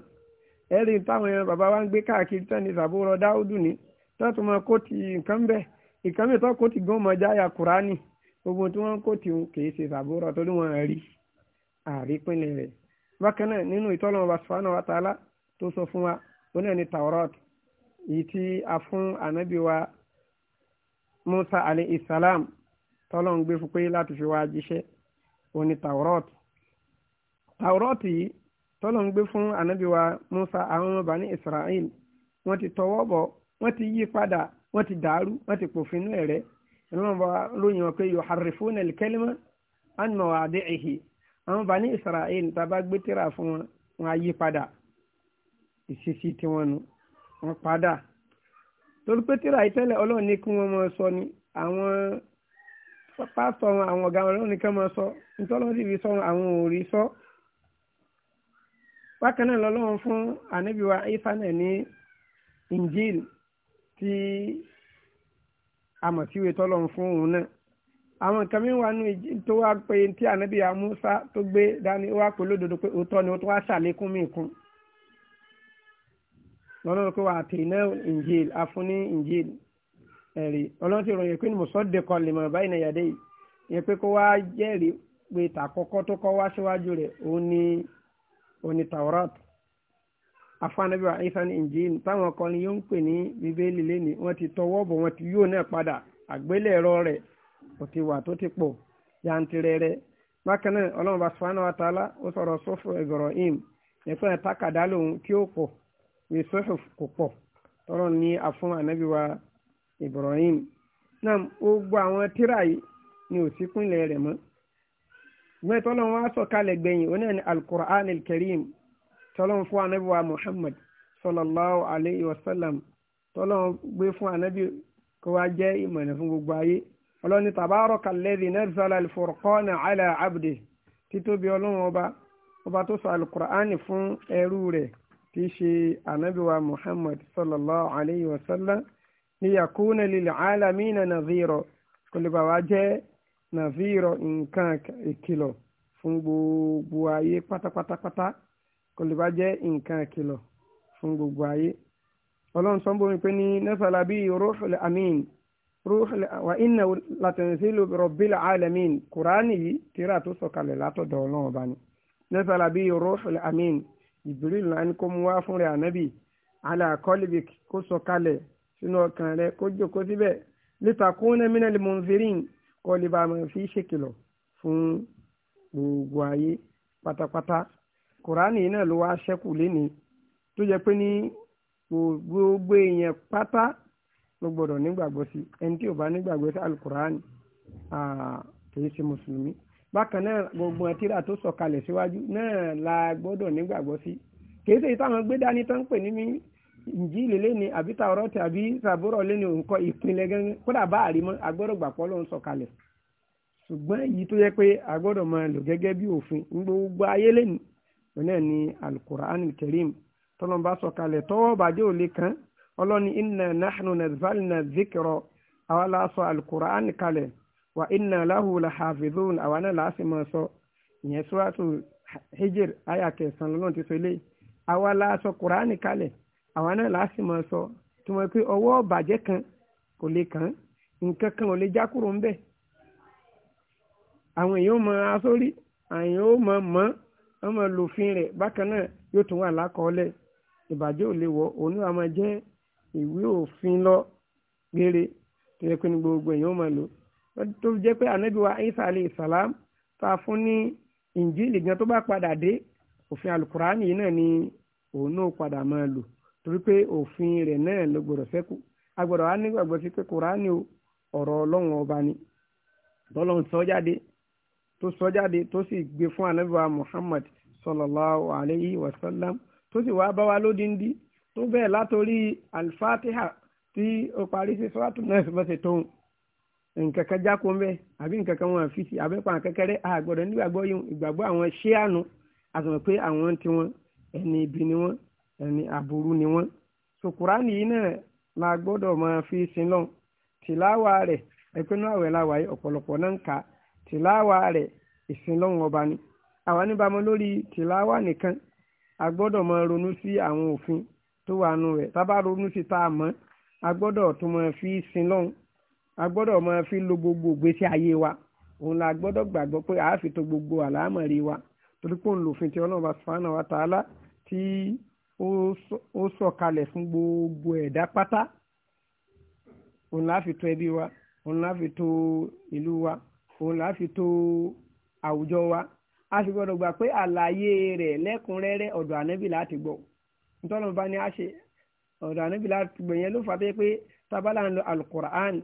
ẹ̀rí táwọn ẹran bàbá wa ń gbé káàkiri tán ni sàbúrò dáúdù ní tọ́tù máa kó ti nǹkan bẹ́ẹ̀ nǹkan mi tó kó ti gan máa jáyà kúránì gbogbo tí wọ́n kó ti ń kì í ṣe sàbúrò tó wọ́n rí àrípínlẹ̀ rẹ̀ bákan náà nínú ìtọ́lọ́wọ́n bá sùfàánù wa tààlà tó sọ fún wa ó náà ní taurat èyí tí a fún ànábì wa musa alayhi salam tọ́lọ́ ń gbé fún pé láti fi wá jíṣẹ́ ó ní taurat taurat yìí tọ́lọ̀ ń gbé fún ànábì wa Musa àwọn ọmọ bani Israel wọ́n ti tọwọ́ bọ̀ wọ́n ti yí padà wọ́n ti dàrú wọ́n ti pòfinú ẹ̀rẹ́ ìrànlọ́wọ́ lóyìn wọn pé yuharrifuna al-kalima an mawadi'ihi àwọn bani Israel tàbá gbé tírà fún wọn wọn á yí padà ìṣesí tí wọn nu wọn padà torí pé tírà ìtẹ́lẹ̀ ọlọ́run ní kí wọ́n máa sọ ni àwọn pásítọ̀ àwọn ọ̀gá ọlọ́run ní kí wọ́n máa sọ nítorí wọ́n So bákan náà lọ́lọ́run fún ànábìwá ifeanyi ní injil tí amọ̀síwe tọ́lọ́run fún òun náà àwọn nǹkan mi wà nù tó wá pé tí ànábì amúsá tó gbé dání ó wá pé lódodo pé òótọ́ ni ó tó wá ṣàlékún mí kún lọ́lọ́run pé wà á tè iná injil afúnní injil ẹ̀rí ọlọ́run ti ròyìn pé mùsọ̀dẹ̀kọ lè mọ̀ báyìí nàyàdé yìí yẹn pé kó wá jẹ́rìí pé tàkọ́kọ́ tó kọ́ wá síwájú rẹ̀ òun ni. oní taurat afáànábí wa isan injil táwọn akọrin yóò ń pè ní bíbélì lẹ́ni wọ́n ti tọwọ́ bọ̀ wọ́n ti yóò náà padà àgbélẹ̀rọ rẹ̀ kò ti wa to ti po yantirẹrẹ bákan náà ọlọ́run bá wa ta'ala o soro sọ́fù Ibrahim nípa ẹ̀ tákàdá lòun tí ó pọ̀ wí sọ́fù kò toron ni Ibrahim o ni ṣùgbọ́n ìtọ́lọ́n wá sọ̀kalẹ̀ gbẹ̀yìn oní ẹni alukur'an alkarim tọ́lọ́n fún anabi wa muhammad sallallahu alayhi wa sallam tọ́lọ́n gbé fún anabi kó wá jẹ́ ìmọ̀nà fún gbogbo ayé ọlọ́ni tabaraka alladhi nazzala alfurqana ala abdi títóbi ọlọ́run ọba ọba tó sọ alukur'an fún ẹrú rẹ̀ tí í ṣe anabi wa muhammad sallallahu alayhi wa sallam ni yakuna lil alamina kò lè bàwá jẹ́ nàfírọ nǹkan ìkìlọ̀ fún gbogbo ayé pátápátápátá kò lè bá jẹ́ nǹkan ìkìlọ̀ fún gbogbo ayé ọlọ́run sọ ń bomi pé ní nẹ́sàlá bí rúhùl amin rúhùl wa inna latanzilu rabbil alamin kùránì yìí tíra tó sọ̀kalẹ̀ látọ̀dọ̀ ọlọ́run ọba ni nẹ́sàlá bí rúhùl amin ìbírílù náà ni kó mú wá fún rẹ̀ ànábì ala qalbik kó sọ̀kalẹ̀ sínú ọkàn rẹ̀ kó jókòó síbẹ̀ litakuna minal kọ́ lè bá a máa fi ṣèkìlọ̀ fún gbogbo ayé pátápátá kùránì náà ló wá ṣẹ́kù lénìí tó jẹ́ pé ní gbogbo èèyàn pátá ló gbọ́dọ̀ nígbàgbọ́ sí ẹni tí ò bá nígbàgbọ́ sí alukùránì kìí ṣe mùsùlùmí bákan náà gbogbo ẹtírà tó sọ̀kalẹ̀ síwájú náà la gbọ́dọ̀ nígbàgbọ́ sí kìí ṣe ìtàn gbé dání tán pè ní ìnjílì lẹ́ni kódà bá ló ń èyí tó yẹ pé máa lò bí òfin gbogbo ayé ni alukur'anul karim tọ́lọ́mbà sọ̀kalẹ̀ tọ́wọ́ bàjẹ́ òle kan ọlọ́ni inna nahnu nazalna zikiro àwa la sọ alukur'an kalẹ̀ wa inna lahu hafizun àwa náà la máa sọ ìyẹn suratu hijir ayà kẹsàn ti sọ eléyìí àwa la sọ kur'an àwa náà láti máa sọ tí wọ́n pé ọwọ́ ọ̀bàjẹ́ kan kò lè kàn án nǹkan kan ò lè já kúrò ń bẹ̀. àwọn èèyàn mọ asórí àwọn èèyàn mọ mọ́ wọ́n mọ lòfin rẹ̀ bákan náà yóò tún wà lákọọ́lẹ̀ ìbàjẹ́ ò lè wọ̀ òun náà máa jẹ́ ìwé òfin lọ gbére tó yẹ pé ní gbogbo èèyàn máa lò tó jẹ́ pé ànábì Isa alayhi salam tá fún ní Injili gan tó bá padà dé òfin alukurani yìí náà ni òun náà padà máa lò torí pé òfin rẹ̀ náà ló gbọ́dọ̀ ṣẹ́kù a gbọ́dọ̀ á nígbàgbọ́ sí pé kùránì ọ̀rọ̀ ọlọ́run ọba ni tọ́lọ́run sọ jáde tó sọ jáde tó sì gbé fún anábìwá Muhammad sallallahu alayhi wa sallam tó sì wá bá wa lódìndí tó bẹ́ẹ̀ látòrí al-Fatiha tí ó parí sí sọ́wọ́tò náà fi bọ́sẹ̀ tóun nǹkan kan jáko ń bẹ àbí nǹkan kan wọn àfi sí abẹ́pọ̀ àkẹ́kẹ́rẹ́ àgbọ̀dọ̀ nígbàgbọ́ yìí ìgbàgbọ́ àwọn ṣé àánú àtàwọn pé àwọn tiwọn ẹni ibi ni wọn ẹni aburú ni wọ́n so kùránì yìí náà la gbọ́dọ̀ máa fi sin lọ́n tìláwà rẹ̀ ẹ̀pẹ́nu àwẹ̀ làwà yìí ọ̀pọ̀lọpọ̀ náà ń kà tìláwà rẹ̀ ìsin lọ́n ọba ni àwa níbàámu lórí tìláwà nìkan a gbọ́dọ̀ máa ronú sí àwọn òfin tó wà nù rẹ̀ tábà ronú sí tá a mọ̀ a tó máa fi sin lọ́n a máa fi lo gbogbo ìgbésí ayé wa òun la gbọ́dọ̀ gbàgbọ́ pé àáfi tó gbogbo àlámọ̀rí wa torí pé òun lòfin tí ọlọ́run bá sùn fún àwọn àtàlá tí ó sọ̀kalẹ̀ fún gbogbo ẹ̀dá pátá òun láfi tó ẹbí wa òun láfi tó ìlú wa òun láfi tó àwùjọ wa a sì gba gbà pé àlàyé rẹ̀ lẹ́kùnrẹ́rẹ́ ọ̀dọ̀ ànábì láti gbọ́ nítorí wọn a ṣe ọ̀dọ̀ ànábì láti gbọ́ yẹn ló fà bẹ́ẹ̀ pé ń lo alukur'an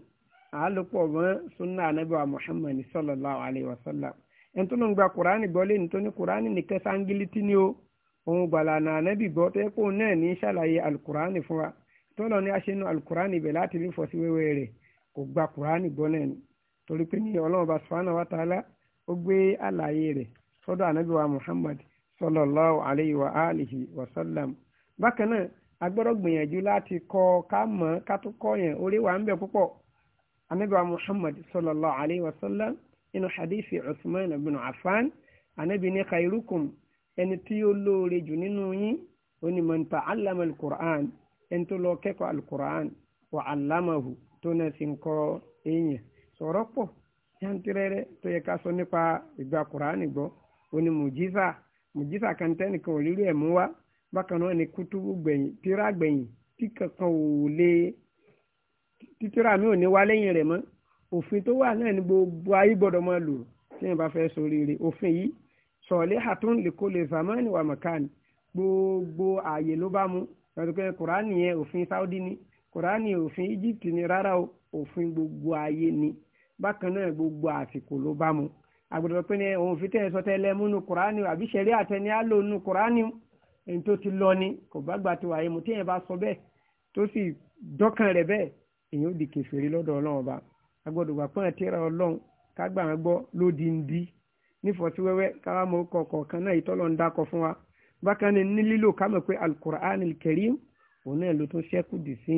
àálòpọ̀ mọ́ sunna ànábì wa muhammad sallallahu alayhi wa sallam ẹni ń gba kur'an o. òun gbàlànà ànábì gbọ́ tó yẹ pé òun náà ní ṣàlàyé alukurani fún wa tọ́lọ̀ ní aṣẹ́nu alukurani bẹ̀ láti rí fọ́ sí wẹ́wẹ́ rẹ̀ kò gba kurani gbọ́ náà ni torí pé ní ọlọ́run bá subhanahu wa ta'ala ó gbé àlàyé rẹ̀ sọ́dọ̀ ànábì wa muhammad sallallahu alayhi wa alihi wa sallam bákan náà a gbọ́dọ̀ gbìyànjú láti kọ́ ká mọ̀ ká tó kọ́ yẹn orí wa ń bẹ púpọ̀ ànábì wa muhammad sallallahu alayhi wa sallam inú hadithi usman ibn affan ànábì ní khairukum ẹni tí ó lóore jù nínú yín òní man ta'allama alukur'an ẹni tó lọ kẹ́kọ̀ọ́ alukur'an wa 'allamahu tó náà sì ń kọ́ èèyàn sọ̀rọ̀ pọ̀ yantirẹrẹ tó yẹ ká sọ nípa ìgbà kur'an gbọ́ òní mùjísà mùjísà kan tẹ́nìkan ò rírú ẹ̀ mú wá bákan náà ni kútúbù gbẹ̀yìn tíra gbẹ̀yìn tí kankan ò lè títíra mi ò ní wá lẹ́yìn rẹ̀ mọ́ òfin tó wà náà ni gbogbo ayé gbọ́dọ̀ máa lò tí yẹn bá fẹ́ ṣoríire òfin yìí salihatun li kulli zamani wa makan gbogbo ààyè ló bá mu lọ́dún kùránì yẹn òfin Saudi ni kùránì òfin Egypt ni rárá o òfin gbogbo ààyè ni bákan náà gbogbo àsìkò ló bá mu àgbẹ̀dọ̀ pé ní òun fi tẹ́ ẹ sọ múnú kùránì àbí ṣẹ̀rí àtẹni á lò kùránì ẹni tó ti lọ ni kò bá gbà tí wàá yẹ mu tí yẹn bá sọ bẹ́ẹ̀ tó sì dọ́kàn rẹ̀ bẹ́ẹ̀ èyí ó di kèfèrí lọ́dọ̀ ọlọ́run ọba agbọ́dọ̀ gbà pọ́n ẹ̀ tíra ọlọ́run ká gbà wọn gbọ́ lódìndín nífọ̀tí wẹ́wẹ́ káwá mọ orúkọ kọ̀ọ̀kan náà ìtọ́lọ̀ ń dákọ̀ fún wa bákan ní ní lílò ká mọ̀ pé alukur'an kẹrim òun náà ló tún ṣẹ́kù dì sí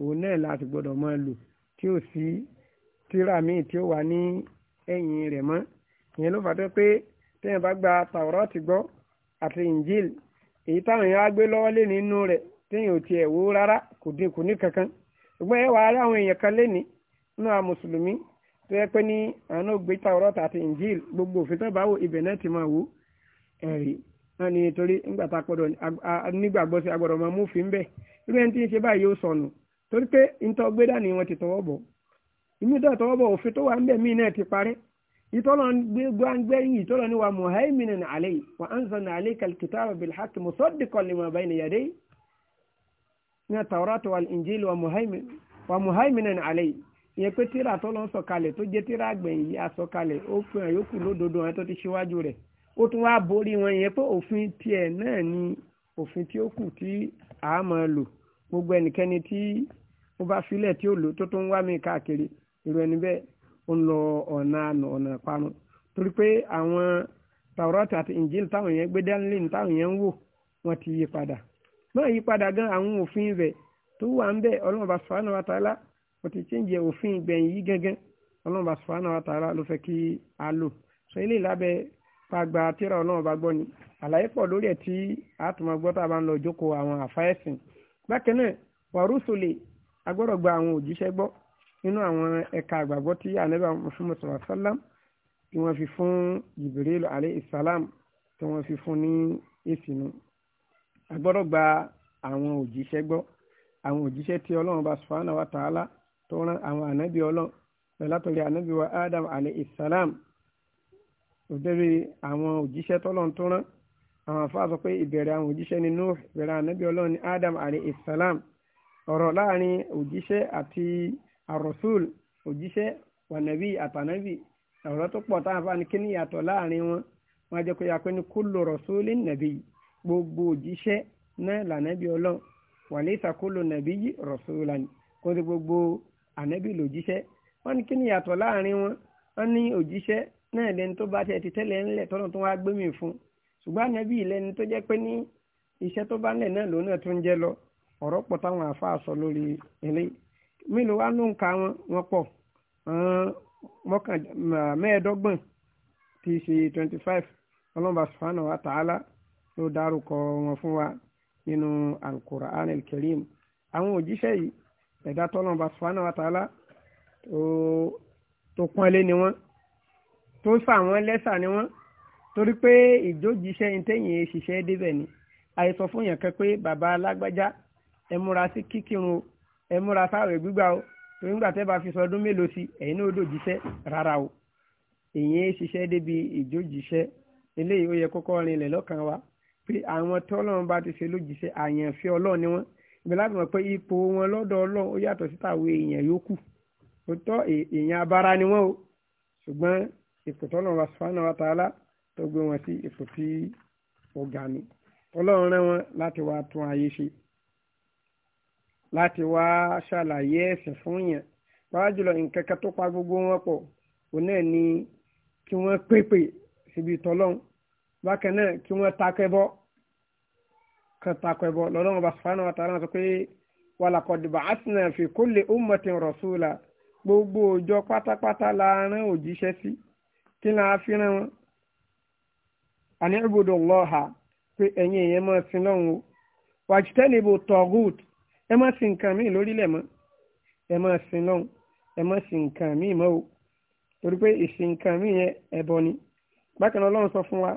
òun náà láti gbọ́dọ̀ máa lò tí ò sí tíra míì tí ó wà ní ẹ̀yìn rẹ̀ mọ́ ìyẹn ló fàtẹ́ pé tẹ́yìn bá gba tàwọ́rọ́ ti gbọ́ àti injil èyí táwọn èèyàn á gbé lọ́wọ́ lé nínú rẹ̀ tẹ́yìn ò tiẹ̀ wó rárá kò dín kù ní kankan ṣùgbọ́n ẹ wàá rí àwọn èèyàn kan lénìí nínú àwọn mùsùlùmí tó yẹ pé ní àwọn náà gbé Tawrat àti Injil gbogbo òfin tó bá wò ibẹ̀ náà ti máa wò ẹ̀rí náà ni torí nígbà tá a gbọ́dọ̀ nígbàgbọ́ sí agbọ́dọ̀ máa múfin bẹ́ẹ̀ irú ẹni tí ń ṣe báyìí yóò sọnù torí pé ìtọ́ gbé dání wọn ti tọwọ́ bọ̀ ìmí tó tọwọ́ bọ̀ òfin tó wà ń míì náà ti parẹ́ ìtọ́lọ́ gbẹ́yìn ìtọ́lọ́ ni wa muhaiminan alayhi wa ìyẹn pé tíra tó lọ ń sọ̀kalẹ̀ tó jẹ́ tíra àgbẹ̀yìn yìí àsọ̀kalẹ̀ ó fi hàn yòókù lódodo àwọn tó ti ṣíwájú rẹ̀ ó tún wáá borí wọn ìyẹn pé òfin tiẹ̀ náà ni òfin tí ó kù tí a máa lò gbogbo ẹnikẹ́ni tí ó bá filẹ̀ tí ó lò tó tún wá mí káàkiri irú ẹni bẹ́ẹ̀ ó ń lọ ọ̀nà àná ọ̀nà ìparun torí pé àwọn Taurat àti Injil táwọn yẹn gbé dánilé táwọn yẹn ń wò wọn ti yí padà náà yí padà gan àwọn òfin rẹ̀ tó wà ń bẹ Ọlọ́run bá sọ ó ti tí ń jẹ òfin ìgbẹ̀yìn yìí gẹ́gẹ́ ọlọ́run bá sùfàánà wa tààrà ló fẹ́ kí a lò sọ ilé ìlábẹ́ pàgbà tíra ọlọ́run bá gbọ́ ni àlàyé pọ̀ lórí ẹ̀ tí a tún máa gbọ́ tá a bá ń lọ jókòó àwọn àfáẹ́sìn bákan náà wàrúsùlè agbọ́dọ̀ gba àwọn òjíṣẹ́ gbọ́ nínú àwọn ẹ̀ka àgbàgbọ́ tí ànábì Muhammad salam tí wọ́n fi fún ní ìsinu agbọ́dọ̀ gba àwọn òjíṣẹ́ gbọ́ àwọn òjíṣẹ́ tí ọlọ́run bá subhanahu wa ta'ala tó rán àwọn ànábì ọlọ́run látọ̀rí ànábì wa Adam alayhi salam òdèrè àwọn òjíṣẹ́ tọ́lọ́run tó rán àwọn afáà sọ pé ìbẹ̀rẹ̀ àwọn òjíṣẹ́ ni Nuh ìbẹ̀rẹ̀ ànábì ọlọ́run ni Adam alayhi salam ọ̀rọ̀ láàrin òjíṣẹ́ àti àròsúl òjíṣẹ́ wànàbí àtànàbí ọ̀rọ̀ tó pọ̀ táwọn afáà ní kíní yàtọ̀ láàrin wọn wọn jẹ́ kó yà pé ní kullu rasulin nàbí gbogbo òjíṣẹ́ náà lànàbí ọlọ́run wa laysa kullu nàbí rasulan kó ti gbogbo ànábì lòjíṣẹ́ wọ́n ní kí ni yàtọ̀ láàrin wọn wọ́n ní òjíṣẹ́ náà lẹni tó bá tẹ̀ ti tẹ́lẹ̀ ńlẹ̀ tọ́nà tó wá gbé mi fún ṣùgbọ́n ànábì lẹni tó jẹ́ pé ní iṣẹ́ tó bá ńlẹ̀ náà lòun náà tó ń jẹ́ lọ ọ̀rọ̀ pọ̀ táwọn àáfàá sọ lórí eléyìí mélòó wá ló ń ka wọn wọn pọ̀ mẹ́ẹ̀ẹ́dọ́gbọ̀n tí í ṣe twenty five ọlọ́mọba sùfàánà wa tààlà ló dárúkọ wọn fún wa nínú Al-Qur'an àwọn òjíṣẹ́ yìí ẹ̀dá tọ́lọ́run bá sùfánà wa tààlà tó pọ́nlé ni wọ́n tó fà wọ́n lẹ́sà ni wọ́n torí pé ìjójíṣẹ́ ntẹ́yìn ṣiṣẹ́ débẹ̀ ni àìsọ fún yàn kan pé bàbá alágbájá ẹ múra sí kíkirun o ẹ múra sáwẹ̀ gbígbà o torí nígbà tẹ́ bá fi sọdún mélòó sí ẹ̀yin náà ó dòjíṣẹ́ rárá o èyí ṣiṣẹ́ débi ìjójíṣẹ́ eléyìí ó yẹ kókó rinlẹ̀ lọ́kàn wa pé àwọn tọ́lọ́run bá ti ṣe lójíṣẹ́ àyànfẹ́ ọlọ́ọ̀ ni wọ́n ibi láti mọ̀ pé ipò wọn lọ́dọ̀ ọlọ́run ó yàtọ̀ sí tàwọn èèyàn yòókù òótọ́ èèyàn abara ni wọ́n o ṣùgbọ́n ipò tọ́lọ́run wa subhanahu wa ta'ala tó gbé wọn sí ipò tí ó ga ni ọlọ́run rán wọn láti wá tún ayé ṣe láti wá ṣàlàyé ẹ̀sìn fún yàn pàápàá jùlọ nǹkan kan tó pa gbogbo wọn pọ̀ òun náà ni kí wọ́n pépè síbi tọ́lọ́run bákan náà kí wọ́n takẹ́bọ́ kan takọ ẹbọ lọ́dọ̀ ọba subhanahu wa ta'ala sọ pé walaqad ba'athna fi kulli ummatin rasula gbogbo òjọ pátápátá la rán òjíṣẹ́ sí kí ni a fi rán wọn. àní ìbùdó lọ́ha pé ẹ̀yin èèyàn máa sin lọ́hùn o wàjítẹ́nìbò tọ̀gùt ẹ má sin nǹkan míì lórílẹ̀ mọ́ ẹ má sin lọ́hùn ẹ má sin nǹkan míì mọ́ o torí pé ìsìn nǹkan míì yẹn ẹbọ ni bákan náà ọlọ́run sọ wa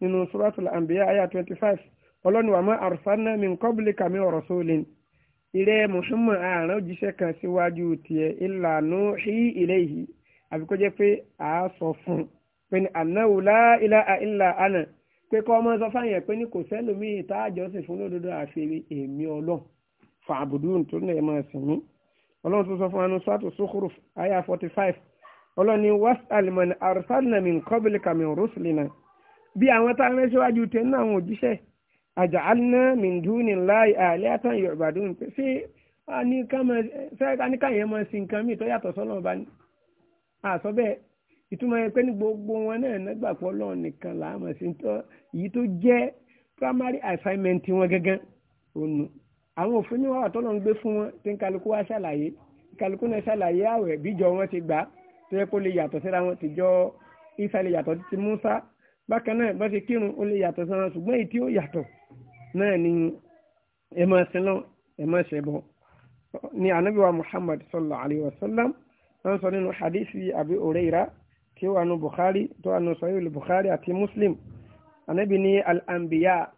nínú suratul anbiya ayah twenty five ọlọ́ni wàmọ́ arsalna min qablika min rasulin ilẹ̀ Muhammad àrùn òjíṣẹ́ kan síwájú tiẹ̀ illa nuhi ilayhi àfi kó jẹ́ pé a sọ fún pé ní annahu la ilaha illa ana pé kọ́ ọmọ sọ fáyẹn pé ní kò sẹ́lòmíì tá a jọ́sìn fún lódodo àfi èmi ọlọ́run fàbùdùn tó lè máa sìn mí ọlọ́run tó sọ fún anu sọ́tò Zukhruf aya forty five ọlọ́ni was'al man arsalna min qablika min rusulina bí àwọn tá a rán tẹ̀ ní àwọn òjíṣẹ́ àjàánà mìndúni láì àlẹ́ àtàn yorùbádùn pé ṣé aníkàyẹn máa sin nǹkan míì tó yàtọ̀ sọ́nà ọba ni àsọ bẹ́ẹ̀ ìtumọ̀ yẹn pé ní gbogbo wọn náà nígbàpọ̀ lọ́ọ̀ nìkan làámọ̀ sí èyí tó jẹ́ primary assignment wọn gẹ́gẹ́ ònu àwọn òfin ní wàhálà tọ́lọ́ ń gbé fún wọn tí kálukú wá ṣàlàyé kálukú náà ṣàlàyé àwẹ̀ bíjọ wọn ti gbà tó yẹ kó lè yàtọ̀ síra wọn tìjọ Ìsá lè yàtọ̀ títí Mùsá bákan náà bọ́n kírun ó lè yàtọ̀ síra wọn ṣùgbọ́n èyí tí ó yàtọ̀ náà ni ẹ máa sin lọ ẹ máa ṣe bọ ni anabiwa muhammad sallallahu alayhi wa sallam wọn sọ nínú hadithi abi oreira tí ó wà nù bukhari tó wà nù sahih bukhari àti muslim anabi ni al-anbiya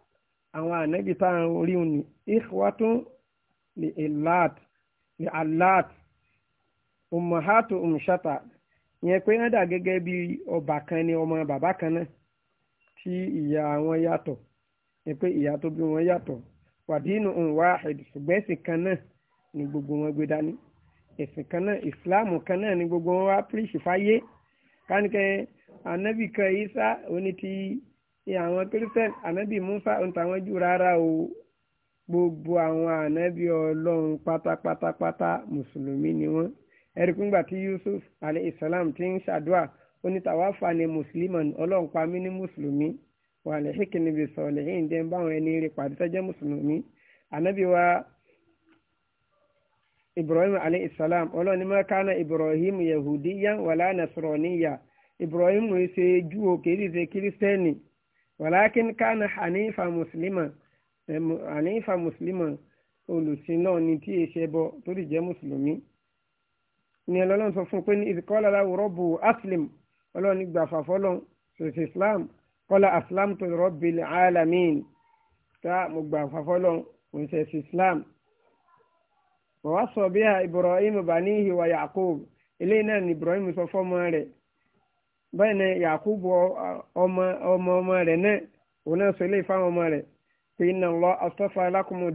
àwọn anabi tá à ń rí ni ikhwatun li ilat li alat umahatu umshata ìyẹn pé wọn dà gẹ́gẹ́ bí ọbàkan ni ọmọ bàbá kan náà tí ìyá wọn yàtọ̀ ni pé ìyá tó bí wọn yàtọ̀ wàdínú wahid ṣùgbọ́n ẹ̀sìn kan náà ni gbogbo wọn gbé dání ẹ̀sìn kan náà ìsìláàmù kan náà ni gbogbo wọn wá píríṣì fáyé kánikẹ́ anabi kan isa oní ti àwọn kírísítẹ́n anabi musa ohun tàwọn jù rárá o gbogbo àwọn anabi ọlọ́run pátápátápátá mùsùlùmí ni wọ́n ẹ̀rí kúngbà tí yusuf alayhi salam ti ń ṣàdúà onítàwáfà ni mùsùlùmí ọlọ́run pa mí ní mùsùlùmí wà ní hikini bi sọ̀lẹ́hìn jẹ́ báwọn ẹni rí pàdé sọ́jẹ́ mùsùlùmí ànábì wa ibrahim alayhi salam ọlọ́ni ma kana ibrahim yahudiyan wàlá nasrọ̀níyà ibrahim ń ṣe jù ó kìí ṣe kírísítẹ́nì wàlákin kana hanifa muslima hanifa muslima olùsìn náà ni tí èṣẹ bọ tó lè jẹ́ mùsùlùmí ni ọlọ́run sọ fún pé ní ìsìkọ́lá láwùrọ́ bu aslim ọlọ́run gbàfà fọlọ́n kọ́lá aslamtu rabbil alamin tá mo gbà fafọ́lọ́ òǹṣẹ̀sì islam wọ́n wá sọ bí i ibrahim banihi wa yaqub eléyìí náà ni ibrahim sọ fọ́mọ rẹ̀ báyìí náà yaqub ọmọ ọmọ rẹ̀ náà òun náà sọ eléyìí fáwọn ọmọ rẹ̀ pé inna Allah astafa lakumu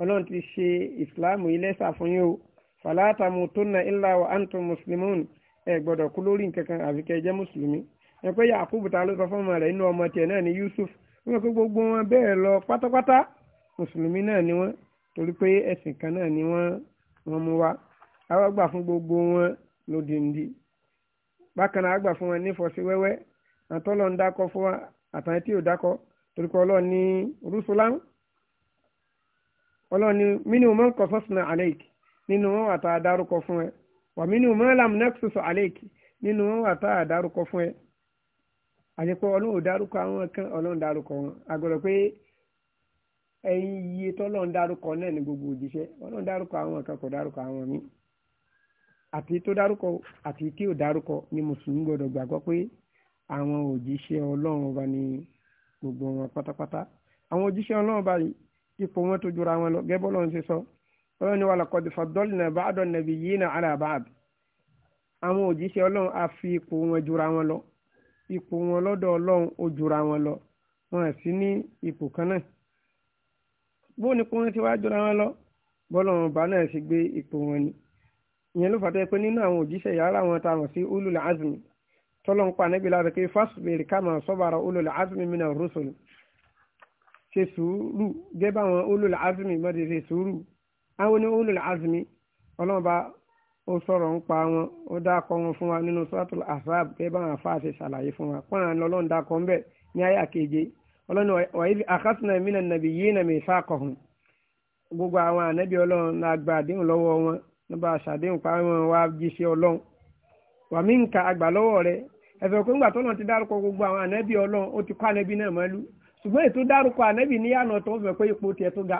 ọlọ́run ti ṣe ìsìláàmù ilé ṣàfihàn o fala tamutunna illa wa antum muslimun ẹ gbọ́dọ̀ kú lórí nǹkan kan jẹ́ mùsùlùmí. ẹ ya yakubu ta ló sọ fún ọmọ rẹ̀ inú ọmọ tiẹ̀ náà ni yusuf wọ́n pé gbogbo wọn bẹ́ẹ̀ lọ pátápátá mùsùlùmí náà ni wọ́n torí pé ẹ̀sìn kan ni wọ́n wọ́n mú wá gbogbo wọn lódìndí bákan náà àgbà fún wọn nífọ̀sí wẹ́wẹ́ àtọ́lọ́ ń dákọ́ fún wa àtàwọn tí ò dákọ́ torí pé ọlọ́ọ̀ ní rúṣùlá ọlọ́ọ̀ ní mini mọ́ kọ́sọ́sùnà àlẹ́k nínú wọn wà tá a dárúkọ fún àṣepọ̀ ọlọ́run dárúkọ àwọn kan ọlọ́run dárúkọ wọn àgọ́dọ̀ pé ẹ̀yin iye tọ́lọ́run dárúkọ náà ní gbogbo òjíṣẹ́ ọlọ́run dárúkọ àwọn kan kò dárúkọ àwọn míì àti tó dárúkọ àti tí ò dárúkọ ni mùsùlùmí gbọ́dọ̀ gbàgbọ́ pé àwọn òjíṣẹ́ ọlọ́run ọba ni gbogbo wọn pátápátá àwọn òjíṣẹ́ ọlọ́run ọba ipò wọn tó jura wọn lọ gẹ́bọ́ lọ́run ṣe sọ ọlọ́run ni wà lọ́kọ̀dé fàdọ́lìnà bàdọ̀ nàbí yìí nà àlàbà àwọn òjíṣẹ́ ọlọ́run a fi ipò wọn jura ipò wọn lọ́dọ̀ ọlọ́run ó jura wọn lọ wọn à sí ní ipò kan náà bó ni kí wọ́n ti wá jura wọn lọ bọ́lọ́run ọba náà sì gbé ipò wọn ni ìyẹn ló fàtẹ́ pé nínú àwọn òjíṣẹ́ yàrá àwọn tá a mọ̀ sí ulul azmi tọ́lọ́ ń pa níbi láti pé fasbir kama sabara ulul azmi mina rusul ṣe sùúrù gẹ́gẹ́ báwọn ulul azmi mọ́ ti ṣe sùúrù àwọn ní ulul azmi ọlọ́run bá ó sọ̀rọ̀ ń pa wọn ó dákọ̀ wọn fún wa nínú suratul ahzab bẹ́ẹ̀ bá wọn fáṣẹ ṣàlàyé fún wa pọ́nrán lọ́lọ́run dákọ̀ ńbẹ̀ ní àyà keje ọlọ́run wa idh akhadna mina nabiyyina mithaqahum gbogbo àwọn ànábì ọlọ́run la gba àdéhùn lọ́wọ́ wọn nígbà ṣàdéhùn pa wọn wá jíṣẹ́ ọlọ́run wa minka àgbà lọ́wọ́ rẹ ẹ̀fẹ̀ pé ńgbà tọ́lọ́run ti dárúkọ gbogbo àwọn ànábì ọlọ́run ó ti kọ́ ànábì náà mọ́lú ṣùgbọ́n ètò dárúkọ ànábì níyànà tó fẹ́ pé ipò tiẹ̀ tó ga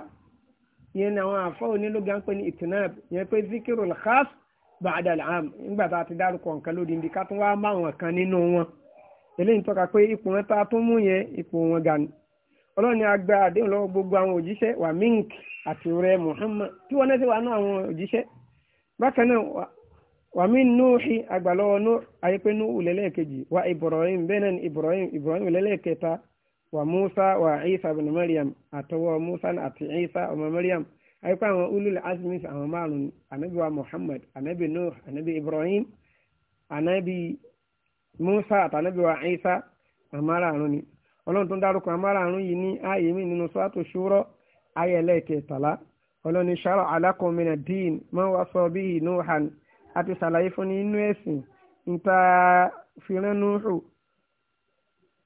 ìyẹn ni àwọn àfọ́ onílógá ń pè ní ìtìnáàbì ìyẹn pé zikiru l bàdà làám nígbà a ti dárúkọ nǹkan lódì níbi ká tún wá máwọn kan nínú wọn eléyìí tọ́ka pé ipò wọn tá tún mú yẹn ipò wọn ni a gba àdéhùn lọ́wọ́ gbogbo àwọn òjíṣẹ́ wà mink àti rẹ Muhammad tí wọ́n lẹ́sẹ̀ wà ní àwọn òjíṣẹ́ bákan náà wà mí nùhì àgbàlọ́wọ́ nù nù wà Ibrahim bẹ́ẹ̀ ni Ibrahim Ibrahim wà Musa wà Isa Musa àti Isa Mariam. àyípa àwọn ulul azmi àwọn márùn anabi wa muhammad anabi nuh anabi ibrahim anabi musa àti anabi wa isa àwọn márùn ni ọlọ́run tó ń dárúkọ àwọn márùn yìí ní ààyè mi nínú suratu shura ààyè ẹlẹ́ẹ̀kẹtàlá ọlọ́run ní shara'a lakum mina d-din ma wasa bihi nuhan àti sàlàyé fún ní inú ẹ̀sìn níta fìràn nuhu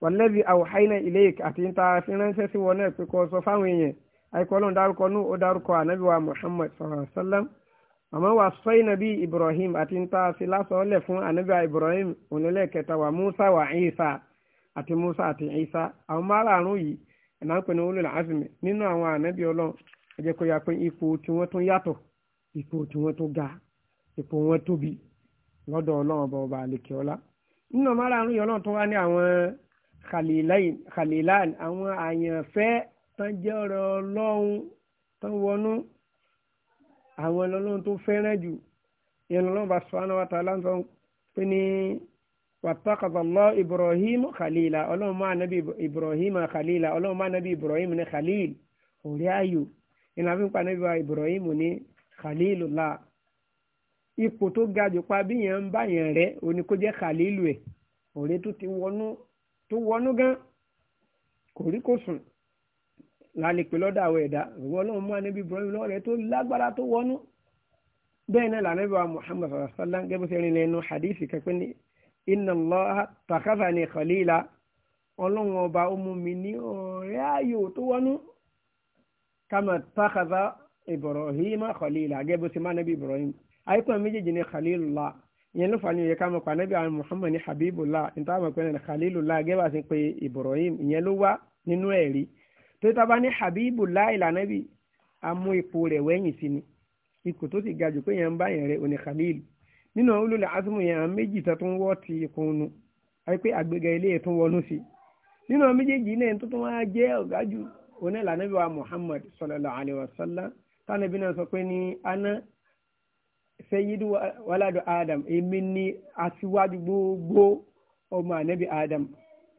wallazi awhayna ilayk àti níta fìràn sẹ́sì wọn náà pé kó sọ fáwọn èèyàn àìkọ́lọ́n dárúkọ nú ó dárúkọ ànábì wa muhammad sallallahu alaihi wasallam àmọ́ wà sọ́yìn nàbí ibrahim àti níta sí lásọ̀ọ́lẹ̀ fún ànábì wa ibrahim ònilẹ̀ kẹta wa musa wa isa àti musa àti isa àwọn márààrún yìí ẹ̀nà ń pè ní olùlà azmi nínú àwọn ànábì ọlọ́run ẹ jẹ́ kó yà pé ipò tí wọ́n tún yàtọ̀ ipò tí wọ́n tún ga ipò wọn tóbi lọ́dọ̀ ọlọ́run ọba ọba àlèkè ọlá nínú márààrún yìí ọlọ́run tó wá ní àwọn khalilain khalilan àwọn àyànfẹ́ tán jẹ́ ọ̀rọ̀ ọlọ́run tán wọnú àwọn ọlọ́run tó fẹ́ràn jù ìyẹn ọlọ́run bá sọ́nà wa tààlà ń sọ pé ní wàtàkàtàlọ́ ibrahim khalila ọlọ́run máa nàbí ibrahim khalila ọlọ́run máa nàbí ibrahim ní khalil òrí ayò ìlànà fi ń pa nàbí ibrahim ní khalilullah ipò tó ga jù pa bí yẹn ń bá yẹn rẹ òní kó jẹ́ khalilu ẹ̀ òrí tó ti wọnú tó wọnú gan kò rí kó sùn la lè pè lọ́dọ̀ àwọn ẹ̀dá ìwọ ọlọ́run mú anábì Ibrahim lọ́rẹ̀ tó lágbára tó wọnú bẹ́ẹ̀ náà lànà ìbára Muhammad sallam gẹ́gẹ́ bó ṣe rìn lẹ́nu hadith kẹ́kẹ́ ní inna Allaha takhazani khalila ọlọ́run ọba ó mú mi ní ọ̀rẹ́ ayò tó wọnú kama takhaza Ibrahim khalila gẹ́gẹ́ bó ṣe má anábì Ibrahim àyíkọ́ méjèèjì ní Khalilullah ìyẹn ló fà ní ìyẹn ká mọ̀ pa anábì àwọn Muhammad ní Habibullah ní táwọn ọmọ pẹ́ẹ́nà Khalilullah gẹ́gẹ́ bá ṣe pé Ibrahim ìyẹn ló wá nínú ẹ̀rí tó tá a bá ní habibu láìlà nábì a mú ipò rẹ̀ wẹ́yìn sí ni ipò tó sì ga jù pé yẹn ń bá yẹn rẹ̀ òní khalil nínú olùlọ asúmù yẹn àwọn méjì tó tún wọ́ ti ikùn nu àti pé àgbéga ilé yẹn tún wọnú sí nínú àwọn méjèèjì náà tó tún wá jẹ́ ọ̀gá jù òní lànàbí wa muhammad sallallahu alayhi wa sallam tánàbí náà sọ pé ní aná sẹ́yìdú waladu adam èmi ni aṣíwájú gbogbo ọmọ ànábì adam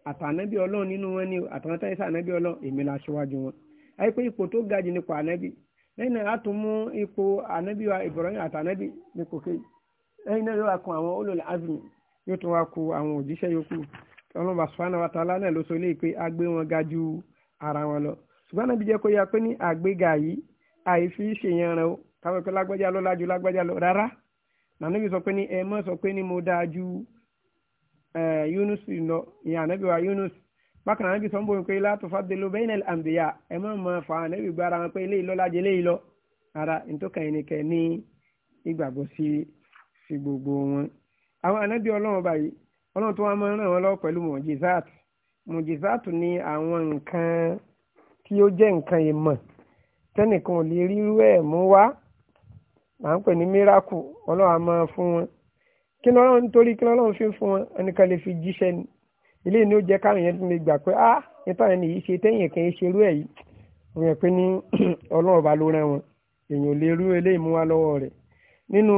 àtànábì ọlọ́run nínú wọn ni àtàwọn táyé sànábì ọlọ́run èmi la ṣíwájú wọn àyè pé ipò tó ga jù nípò ànábì lẹ́yìn náà látún mú ipò ànábì wa Ibrahim àtànábì nípò kejì lẹ́yìn náà yóò wá kun àwọn olùlẹ̀ azmi yóò tún wá ku àwọn òjíṣẹ́ yòókù ọlọ́run bàṣọ́nà wa tààlà náà ló sọ ilé pé agbé wọn ga ju ara wọn lọ ṣùgbọ́n ànábì jẹ́ kó yá pé ní àgbéga yìí àìfi ṣèyàn rẹ o káwọn pé lágbájá ló lájú lágbájá lọ rárá nànúbì sọ pé ní ẹ mọ́ sọ pé ní mo dáa ju Eh, yunus lọ ìyẹn ànábì wa yunus bákan náà ànábì sọ ń bọ̀ pé la tufaddilu bayna al-anbiya ẹ má ma fa ara ntọ́ka yìí nìkẹ́ ní si gbogbo won àwọn anabi ọlọ́run bayi ọlọ́run tó wá máa ń ràn mujizat mujizat ni àwọn nkan tí o je nkan imo kí lọ́rọ́ nítorí kí lọ́rọ́ fi ń fún wọn ẹnìkan lè fi jíṣẹ́ ni ilé ni ó jẹ́ káwọn yẹn tún lè gbà pé ah nípa ẹni yìí ṣe tẹ́yìn kan ṣe irú ẹ̀ yìí wọ́n yẹ pé ní *clears throat* ọlọ́run bá ló rán wọn èèyàn lè rú eléyìí mú wá lọ́wọ́ rẹ̀ nínú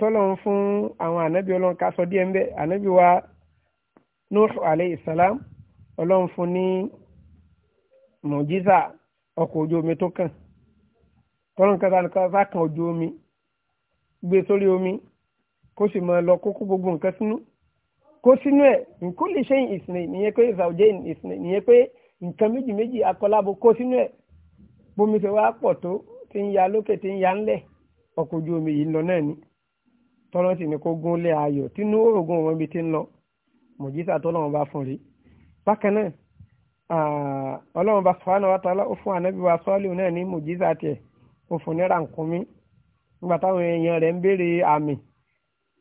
tọ́lọ́run fún àwọn ànábì ọlọ́run ká sọ díẹ̀ ńbẹ́ ànábì wa Nuh alayhi salam ọlọ́run fún ní mọ̀jísà ọkọ̀ ojú omi tó kàn tọ́lọ́run kan sáà kan ojú omi gbé sórí omi kó sì máa lọ kókó gbogbo nǹkan sínú kó sínú ẹ̀ nǹkó lè ṣe ìsìn nìyẹn pé zaujẹ́ ìsìn nìyẹn pé nǹkan méjì méjì akọlábo kó sínú ẹ̀ bómi ṣe wá pọ̀ tó ti ń ya lókè ti ń ya ńlẹ̀ ọkọ̀ ojú omi yìí ń lọ náà ni tọ́lọ́ sì ni kó gúnlé ayọ̀ tínú òògùn wọn bí ti ń lọ mọ̀jísà tọ́lọ́wọ́n bá fún rí bákan náà ọlọ́run bá sọ́hánà wa tọ́lá ó fún ànábì wa sọ́ọ́lì náà ní mọ̀jísà tiẹ̀ ó fún ní rànkúnmí nígbà táwọn èèyàn rẹ̀ ń béèrè àmì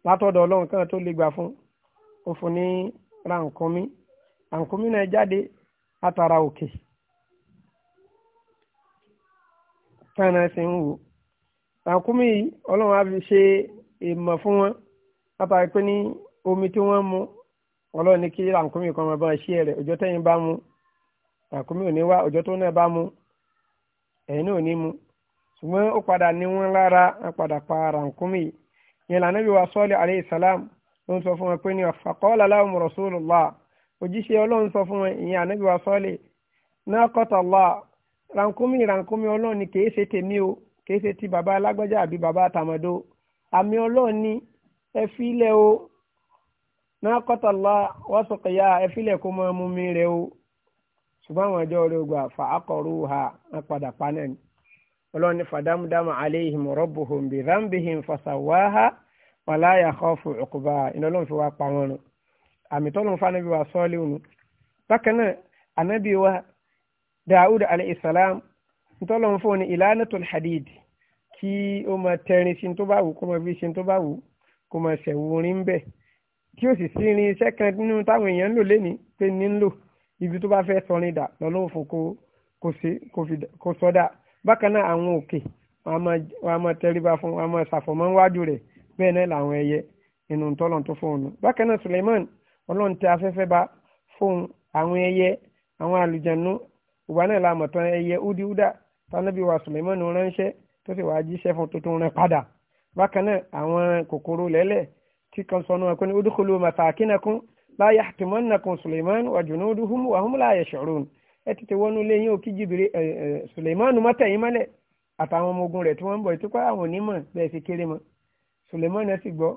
látọ̀dọ̀ ọlọ́run kan tó le gbà fún ó fún ní rànkúnmí rànkúnmí náà jáde látara òkè táwọn ẹsẹ̀ ń wò rànkúnmí yìí ọlọ́run á fi ṣe èèmọ̀ fún wọn látara pé ní omi tí wọ́n mu ọlọ́run ní kí rànkúnmí kan máa bá ṣí tẹ́yìn mu ò ní wá tó mu ẹ̀yin náà ò mu ṣùgbọ́n ó padà ní wọn lára wọn padà pa yẹn lànà bí wa sọ́ọ̀lì alayhi salam ló ń sọ fún wọn pé ní faqala lahum rasulullah òjíṣẹ́ ọlọ́run sọ fún wọn ìyẹn ànábì wa sọ́ọ̀lì naqata Allah rankumi rankumi ọlọ́run ni kìí ṣe tèmi o kìí ṣe ti bàbá alágbájá àbí bàbá àtàmọ́dó àmì ọlọ́run ni ẹ fi ilẹ̀ o naqata Allah wa suqiya ẹ fi kó máa mú mi rẹ o ṣùgbọ́n àwọn ọjọ́ orí ogun àfà akọ̀rú ha wọn padà pa ọlọ́run ní fàdámúdámà aléhìm rọ́bùhùn bí rámbìhìm fàṣàwáhà wàláyà kọ́ọ̀fù ọ̀kùbà iná ọlọ́run fi wá pa wọn rùn àmì tọ́lọ́run fún anábì wa sọ́ọ́lì òun bákan náà anábì wa Dawud alayhisalaam ntọ́lọ́run fún ni ìlànàtul hadid kí ó máa tẹrin sí tó bá wù kó máa fi sí tó bá wù kó máa ṣẹ̀wúrin bẹ́ẹ̀ kí ó sì sí irin iṣẹ́ kan nínú táwọn èèyàn ń lò lénìí pé ní ń lò ibi tó bá fẹ́ sọrin dà lọ́lọ́run fún kó sọ́dà bákan náà àwọn òkè wọn a máa tẹríba fún wọn a máa ṣàfọ̀mọ́ níwájú rẹ̀ bẹ́ẹ̀ náà làwọn ẹyẹ inú tọ́lọ̀n tó fóun bákan náà Suleiman ọlọ́run tẹ afẹ́fẹ́ ba fóun àwọn ẹyẹ àwọn àlùjànnú ìwà náà làmọ̀ tán ẹyẹ údíúdà tánábì wa Suleiman ránṣẹ́ tó sì wáá jíṣẹ́ fún tuntun rẹ̀ padà bákan náà àwọn kòkòrò lẹ́lẹ̀ tí kan sọnù ẹ̀kọ́ ní udkhulu masakinakum la yahtimannakum Suleiman wa junuduhum wa hum la ẹ tètè wọnú ilé yín òkí jìbìrì ẹ ẹ Suleimanu mọ́tẹ̀yìn mọ́lẹ̀ àtàwọn ọmọ ogun rẹ̀ tí wọ́n ń bọ̀ ìtúkọ́ àwọn onímọ̀ bẹ́ẹ̀ ṣe kéré mọ́ Suleimanu ẹ sì gbọ́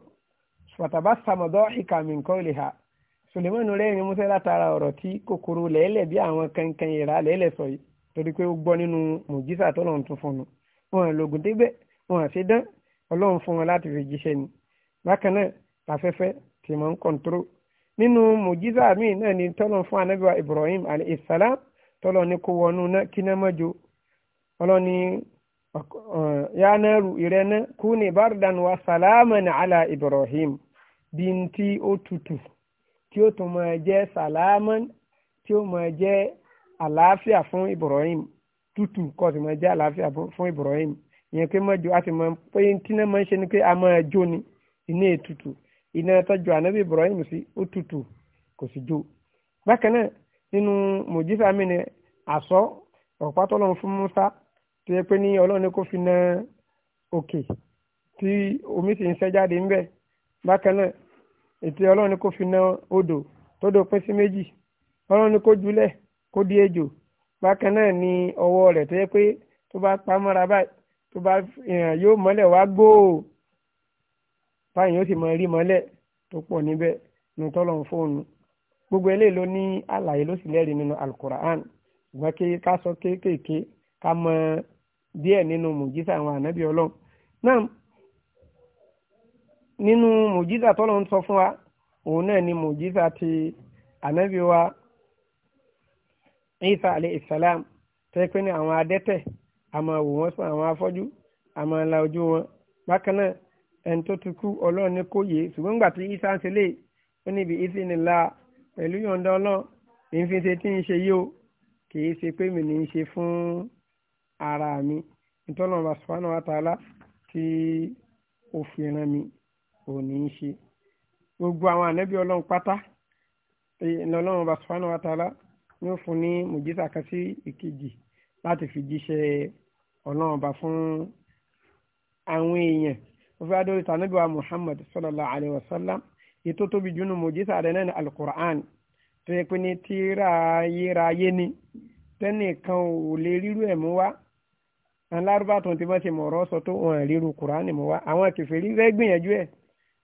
fàtàbá sàmọ̀dọ́ ìkàmì nǹkan olè ha Suleimanu rẹ̀ ní musa látara ọ̀rọ̀ tí kòkòrò lẹ́lẹ̀ bí àwọn kankan ìra lẹ́lẹ̀ sọ yìí torí pé ó gbọ́ nínú mùjísà tó lọ́n tún fún wọn lògùn débẹ̀ wọn àti dán ọlọ́run fún wọn láti fi jíṣẹ́ ni bákan náà tafẹ́fẹ́ tìmọ̀ Ibrahim alayhi salam tọ́lọ̀ ní kó wọnú náà kí náà mọ́jọ ọlọ́ni yánẹ́rù ìrẹ́nà kú ní bardan wa salaman ala Ibrahim bí n tí ó tutù tí ó tún máa jẹ́ salaman tí ó máa jẹ́ àlàáfíà fún Ibrahim tutù kọ́ sì máa jẹ́ àlàáfíà fún Ibrahim ìyẹn pé mọ́jọ a sì máa pé tí náà máa ń ṣe ni pé a máa jó ni iná ètùtù iná tọ́jú ànábì Ibrahim sí ó tutù kò sì jó bákan náà nínú mòjísà mi ni àsọ ọ̀pá tọ́lọ́run fún Musa tó yẹ pé ní Ọlọ́run ni kò fi na òkè tí omi sì ń sẹ́ jáde ńbẹ̀ bákan náà ètò Ọlọ́run ni kò fi na odò tó dópin sí méjì Ọlọ́run ni kò júlẹ̀ kó di ejò bákan náà ni ọwọ́ rẹ̀ tó yẹ pé tó bá pa mọ́ra báyìí tó bá yóò mọ́lẹ̀ wá gbòò báyìí yóò sì mọ rí mọ́lẹ̀ tó pọ̀ níbẹ̀ ní tọ́lọ́run fóònù gbogbo eléyìí ló ní àlàyé ló sì lẹ́rìí nínú alukur'an ṣùgbọ́n kí ká sọ kéékèèké ká mọ díẹ̀ nínú mùjísà àwọn ànábì ọlọ́run náà nínú mùjísà tọ́lọ́ ń sọ fún wa òun náà ni mùjísà ti ànábì wa Isa alayhi salam tẹ́ pé ní àwọn adẹ́tẹ̀ àmọ́ wò wọ́n sàn àwọn afọ́jú àmọ́ la ojú wọn bákan náà ẹni tó ti kú ọlọ́run ní kò yé ṣùgbọ́n nígbà tí Isa ń ṣe lè ó níbi ìsìn nílá pẹ̀lú yọ̀ǹda ọlọ́run ìfìṣe tí ń ṣe yìí o kì í ṣe pé mi ní í ṣe fún ara mi ìtọ́nà subhanahu wa ta'ala tí ó fi ràn mí ò ní í ṣe gbogbo àwọn ànábì ọlọ́run pátá ìlọ́lọ́run subhanahu wa ta'ala ni ó fún ní mùjísà kan sí ìkejì láti fi jíṣẹ́ ọlọ́run ọba fún àwọn èèyàn ó fẹ́ adóríta wa Muhammad sallallahu alayhi wa sallam ètò tóbi junu mojisa rẹ̀ náà ní alukur'an tó yẹ pé ní tíra ayérayé ni tẹ́nìkan ò lè ríru ẹ̀ mú wá alárúbá tó ti bá ti mọ̀ọ́rọ́ sọ tó wọn ríru kur'an mú wá àwọn kèfèrí fẹ́ gbìyànjú ẹ̀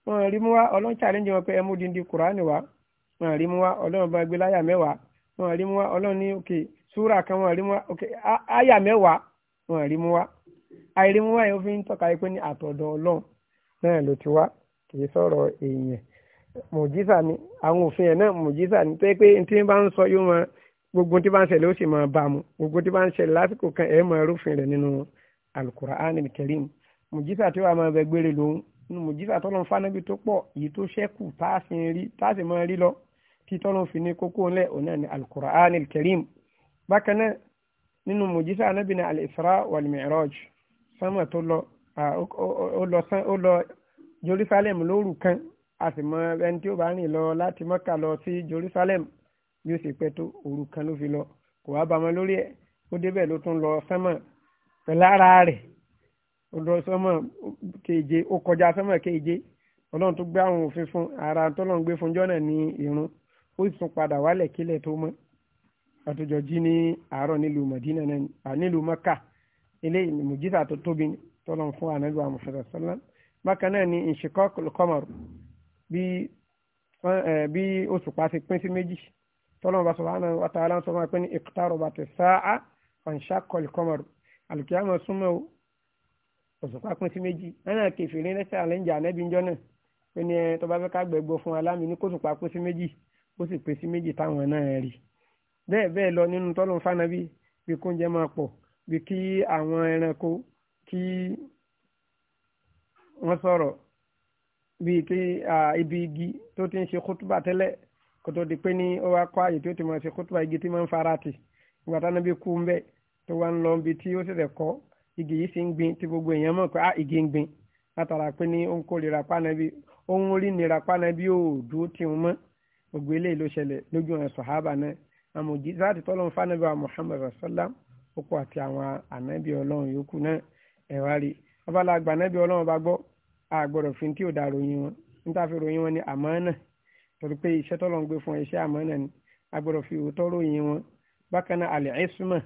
wọn rí mú wá ọlọ́run challenge wọn pe ẹ mú dindi kur'an wá wọn rí mú wá ọlọ́run bá gbé láyà mẹ́wàá wọn rí mú wá ọlọ́run ní òkè súrà kan wọn rí mú wá òkè áyà mẹ́wàá wọn rí mú wá àìrí mú wá yẹn ó fi ń tọ́ka yìí pé ní àtọ̀dọ̀ ọlọ́run náà ti wá kì í sọ̀rọ̀ mùjísà ni àwọn òfin ẹ̀ náà mùjísà ni tó yẹ pé tí n bá ń sọ yóò máa gbogbo tí bá ń ṣẹlẹ̀ ó sì máa bá mu gbogbo tí bá ń ṣẹlẹ̀ lásìkò kan ẹ̀ máa rúfin rẹ̀ nínú Al-Qur'anil Karim mùjísà tí wàá máa bẹ gbére lòun nínú mùjísà tọ́lọ́ fánábí tó pọ̀ èyí tó ṣẹ́kù tá a sì máa rí lọ tí tọ́lọ́ fi ní kókó ńlẹ̀ òun náà ni Al-Qur'anil Karim bákan náà nínú mùjísà a sì mọ ẹni tí ó bá rìn lọ láti mọ́kà lọ sí Jerusalem bí ó sì pẹ́ tó òru kan ló fi lọ kò wá bámọ́ lórí ẹ̀ ó débẹ̀ ló tún lọ sánmọ̀ pẹ̀lú ara rẹ̀ ó lọ sánmọ̀ keje ó kọjá sánmọ̀ keje ọlọ́run tó gbé àwọn òfin fún ara tọ́lọ́run gbé fún jọ́nà ní irun ó sì tún padà wálẹ̀ kílẹ̀ tó mọ́ àtòjọ jí ní àárọ̀ nílùú Madina náà nílùú Maka eléyìí mùjísà tó tóbi tọ́lọ́run fún ànágbà mùsùlùmí bákan náà ni ìṣìkọ́ kọmọrù bí bí òṣùpá ti pín sí méjì tọ́lọ́mù bá sọ̀rọ̀ àná wàtá aláǹsọ̀ máa pín ní ìkútàrọ̀ bá ti sáà ọ̀nṣà kọ̀lì kọ́mọ̀rù àlùkìyàmọ̀ súnmọ́ òṣùpá pín sí méjì náà kẹfìrín lẹ́sẹ̀ àlẹ́ǹjà ànẹ́bí ńjọ́ náà pé ní ẹ tó bá fẹ́ ká gbẹ̀gbọ́ fún alámi ní kóṣùpá pín sí méjì ó sì pín sí méjì táwọn náà rí bẹ́ẹ̀ bẹ́ẹ̀ lọ nínú tọ́lọ́mù fánábì bí bí kí bíi kí ibi igi tó ti ń ṣe kútùbà tẹ́lẹ̀ kó tó di pé ní ó wá kọ́ àyè tó ti máa ṣe kútùbà igi tí máa ń fara tì ìgbà táná bí kú ń bẹ̀ tó wá ń lọ ibi tí ó ṣẹ̀ṣẹ̀ kọ́ igi yìí sì ń gbin tí gbogbo èèyàn mọ̀ pé á igi ń gbin látara pé ní ó ń kórira pánábí ó ń rí nira pánábí ó dúró tì ń mọ́ gbogbo eléyìí ló ṣẹlẹ̀ lójú àwọn sàhábà náà àmọ̀jì láti tọ́lọ́run fánábí Muhammad rasalam ó kó àti àwọn ànábì ọlọ́run yòókù náà àgbọ̀dọ̀ fi tí ò dá ròyìn wọn níta fi ròyìn wọn ní àmánà torí pé iṣẹ́ tọ́lọ̀ ń gbé fún iṣẹ́ àmánà ni àgbọ̀dọ̀ fi òótọ́ ròyìn wọn bákan náà àlẹ́ ẹ́sùmọ̀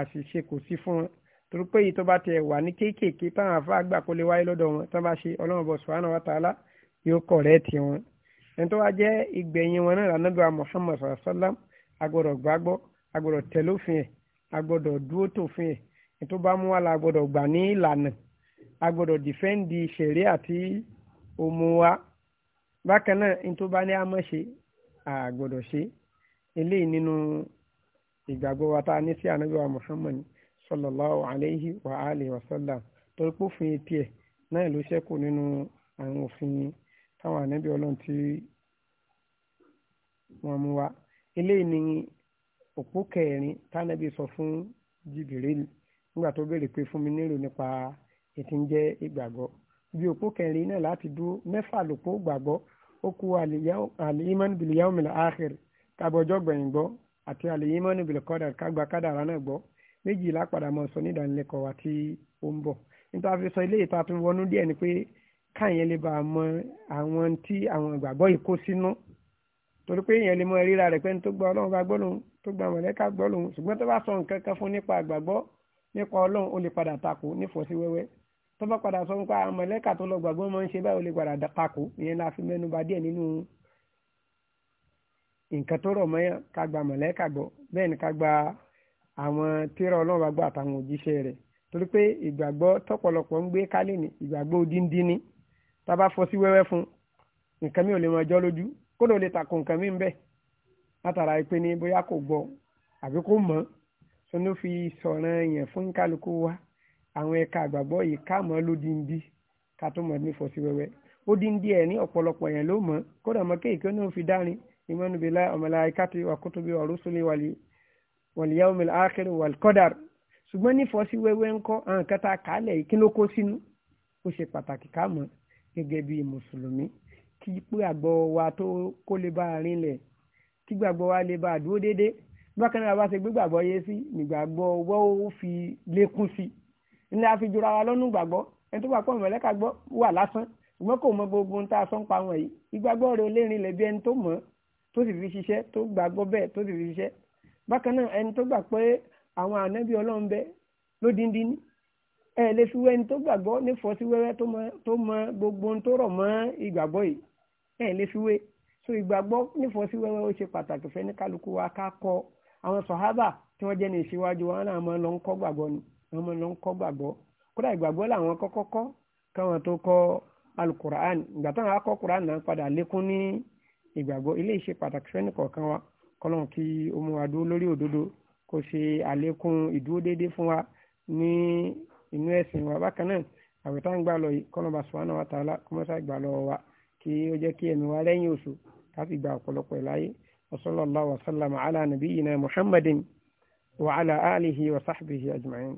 àṣìṣe kò sí fún wọn torí pé èyí tó bá tẹ wà ní kéékèèké táwọn àfáà gbà kó lè wáyé lọ́dọ̀ wọn tán bá ṣe ọlọ́run bọ̀ subhanahu wa ta'ala yóò kọ̀rẹ́ tì wọn ẹni tó wá jẹ́ ìgbẹ̀yìn wọn náà lànà bíi Muhammad sallam agbọ́dọ̀ gbàgbọ́ agbọ́dọ̀ tẹ̀lófin ẹ̀ agbọ́dọ̀ dúró tòfin ẹ̀ ètò bá mú wa la agbọ́dọ̀ gbà ní ìlànà a gbọ́dọ̀ dìfẹ́ǹdì ṣẹ̀rí àti òmù wa bákan náà ní tó bá ní àmọ́ṣe a gbọ́dọ̀ ṣe eléyìí nínú ìgbàgbọ́ wa tá a ní sí ànábì wa Muhammad sallallahu alayhi wa alihi wa sallam torí pé òfin etí ẹ̀ náà ló ṣẹ́kù nínú àwọn òfin táwọn ànábì ọlọ́run tí wọ́n mú wa eléyìí ni òpó kẹrin tánàbí sọ fún Jibril nígbà tó béèrè pé fún mi nílò nípa ètí ń jẹ́ ìgbàgbọ́ ibi òpó kẹrin náà láti dúró mẹ́fà lòpó gbàgbọ́ ó kú àlìyímọ́nù bìlì yawmil akhir kábọ̀jọ́ gbẹ̀yìn gbọ́ àti àlìyímọ́nù bìlì kọ́dà kágbà kádàrá náà gbọ́ méjìlá padà mọ̀ sọ nídánilẹ́kọ̀ọ́ wa tí ó ń bọ̀ níta fi sọ ilé ìta tó wọnú díẹ̀ ni pé káyẹn lè bá a mọ àwọn tí àwọn ìgbàgbọ́ yìí kó sínú torí pé èèyàn lè mọ ríra rẹ̀ pé ní tó gba ọlọ́run bá gbọ́ lòun tó gba mọ̀lẹ́ka gbọ́ lòun ṣùgbọ́n tó bá sọ nǹkan kan fún nípa ìgbàgbọ́ nípa ọlọ́run ó lè padà takò nífọ̀ọ́sí wẹ́wẹ́ tó bá padà sọ nípa àwọn mọ̀lẹ́kà tó lọ gbàgbọ́ máa ń ṣe báyìí ó lè padà takò ìyẹn la fi mẹ́nu bà díẹ̀ nínú nǹkan tó rọ̀ mọ́yán ká gba mọ̀lẹ́kà gbọ́ bẹ́ẹ̀ ni ká gba àwọn tírà ọlọ́run gbọ́ àtàwọn òjíṣẹ́ rẹ̀ torí pé ìgbàgbọ́ tọ́pọ̀lọpọ̀ ń gbé kálẹ̀ ní ìgbàgbọ́ odindi ni tá a bá fọ́ sí wẹ́wẹ́ fún nǹkan mi ò lè mọ ọjọ́ lójú kódà ó lè takò nǹkan mi ń bẹ̀ látara pé ní bóyá kò gbọ́ àbí kò mọ̀ sọ́nù fi sọ̀ràn yẹn fún kálukú wa àwọn ẹ̀ka àgbàgbọ́ yìí ká mọ́ lódìndí ká tó mọ̀ ní fọ́sí wẹ́wẹ́ odindi ẹ̀ ní ọ̀pọ̀lọpọ̀ yẹn ló mọ̀ kódà mọ́ kéèké náà fi dárin ìmọ̀nubìlá ọ̀mọ̀lá ikátì wàkútùbí ọ̀rùsùlẹ̀ wàlíyàwòmìlá ákẹ́rù wàlíkọ́dàr ṣùgbọ́n ní fọ́sí wẹ́wẹ́ ńkọ́ àwọn kẹta kàálẹ̀ yìí kí ló kó sínú ó ṣe pàtàkì ká mọ̀ gẹ́gẹ́ bí mùsùlùmí kí pé àgbọ̀ wa tó kó lè bá rinlẹ̀ kí gbàgbọ́ wa lè bá dúró déédéé bákan náà bá ṣe gbégbàgbọ́ yé sí nígbàgbọ́ wọ́n ó fi lékún sí i ní a fi jura wa lọ́nu gbàgbọ́ ẹni tó bá pọ̀ mọ̀lẹ́ka gbọ́ wà lásán ṣùgbọ́n kò mọ gbogbo ohun tá a sọ ń pa wọn yìí ìgbàgbọ́ rẹ̀ olérin lẹ̀ bí ẹni tó mọ̀ tó sì fi ṣiṣẹ́ tó gbàgbọ́ bẹ́ẹ̀ tó sì fi ṣiṣẹ́ bákan náà ẹni tó gbà pé àwọn ànábì ọlọ́run bẹ lódindi ní ẹ lè fi wẹ́ni tó gbàgbọ́ ní fọ́síwẹ́wẹ́ tó mọ gbogbo ohun tó rọ̀ mọ́ ìgbàgbọ́ yìí ẹ lè fi wé so ìgbàgbọ́ ní fọ́síwẹ́wẹ́ ó ṣe pàtàkì fẹ́ ní kálukú wa ká kọ́ àwọn sàhábà tí wọ́n jẹ́ àwọn ọmọ lọ ń kọ́ gbàgbọ́ kódà ìgbàgbọ́ làwọn kọ́kọ́ kọ́ káwọn tó kọ́ alukur'an ìgbà táwọn akọ́ kur'an náà padà lékún ní ìgbàgbọ́ ilé ìṣe pàtàkì fẹ́ni kọ̀ọ̀kan wa kọ́lọ́n kí ó mú wa dúró lórí òdodo kó ṣe àlékún ìdúró déédéé fún wa ní inú ẹ̀sìn wa bákan náà àwẹ̀ táwọn gbà lọ yìí kọ́lọ́n bá subhanahu wa ta'ala kọ́mọ́sá gbà lọ wa kí ó jẹ́ kí ẹ̀mí wa lẹ́yìn oṣù káfí gba ọ̀pọ̀lọpọ̀ ẹ̀ láyé wa sallallahu wa sallama ala nabiyyina muhammadin wa ala alihi wa sahbihi ajma'in.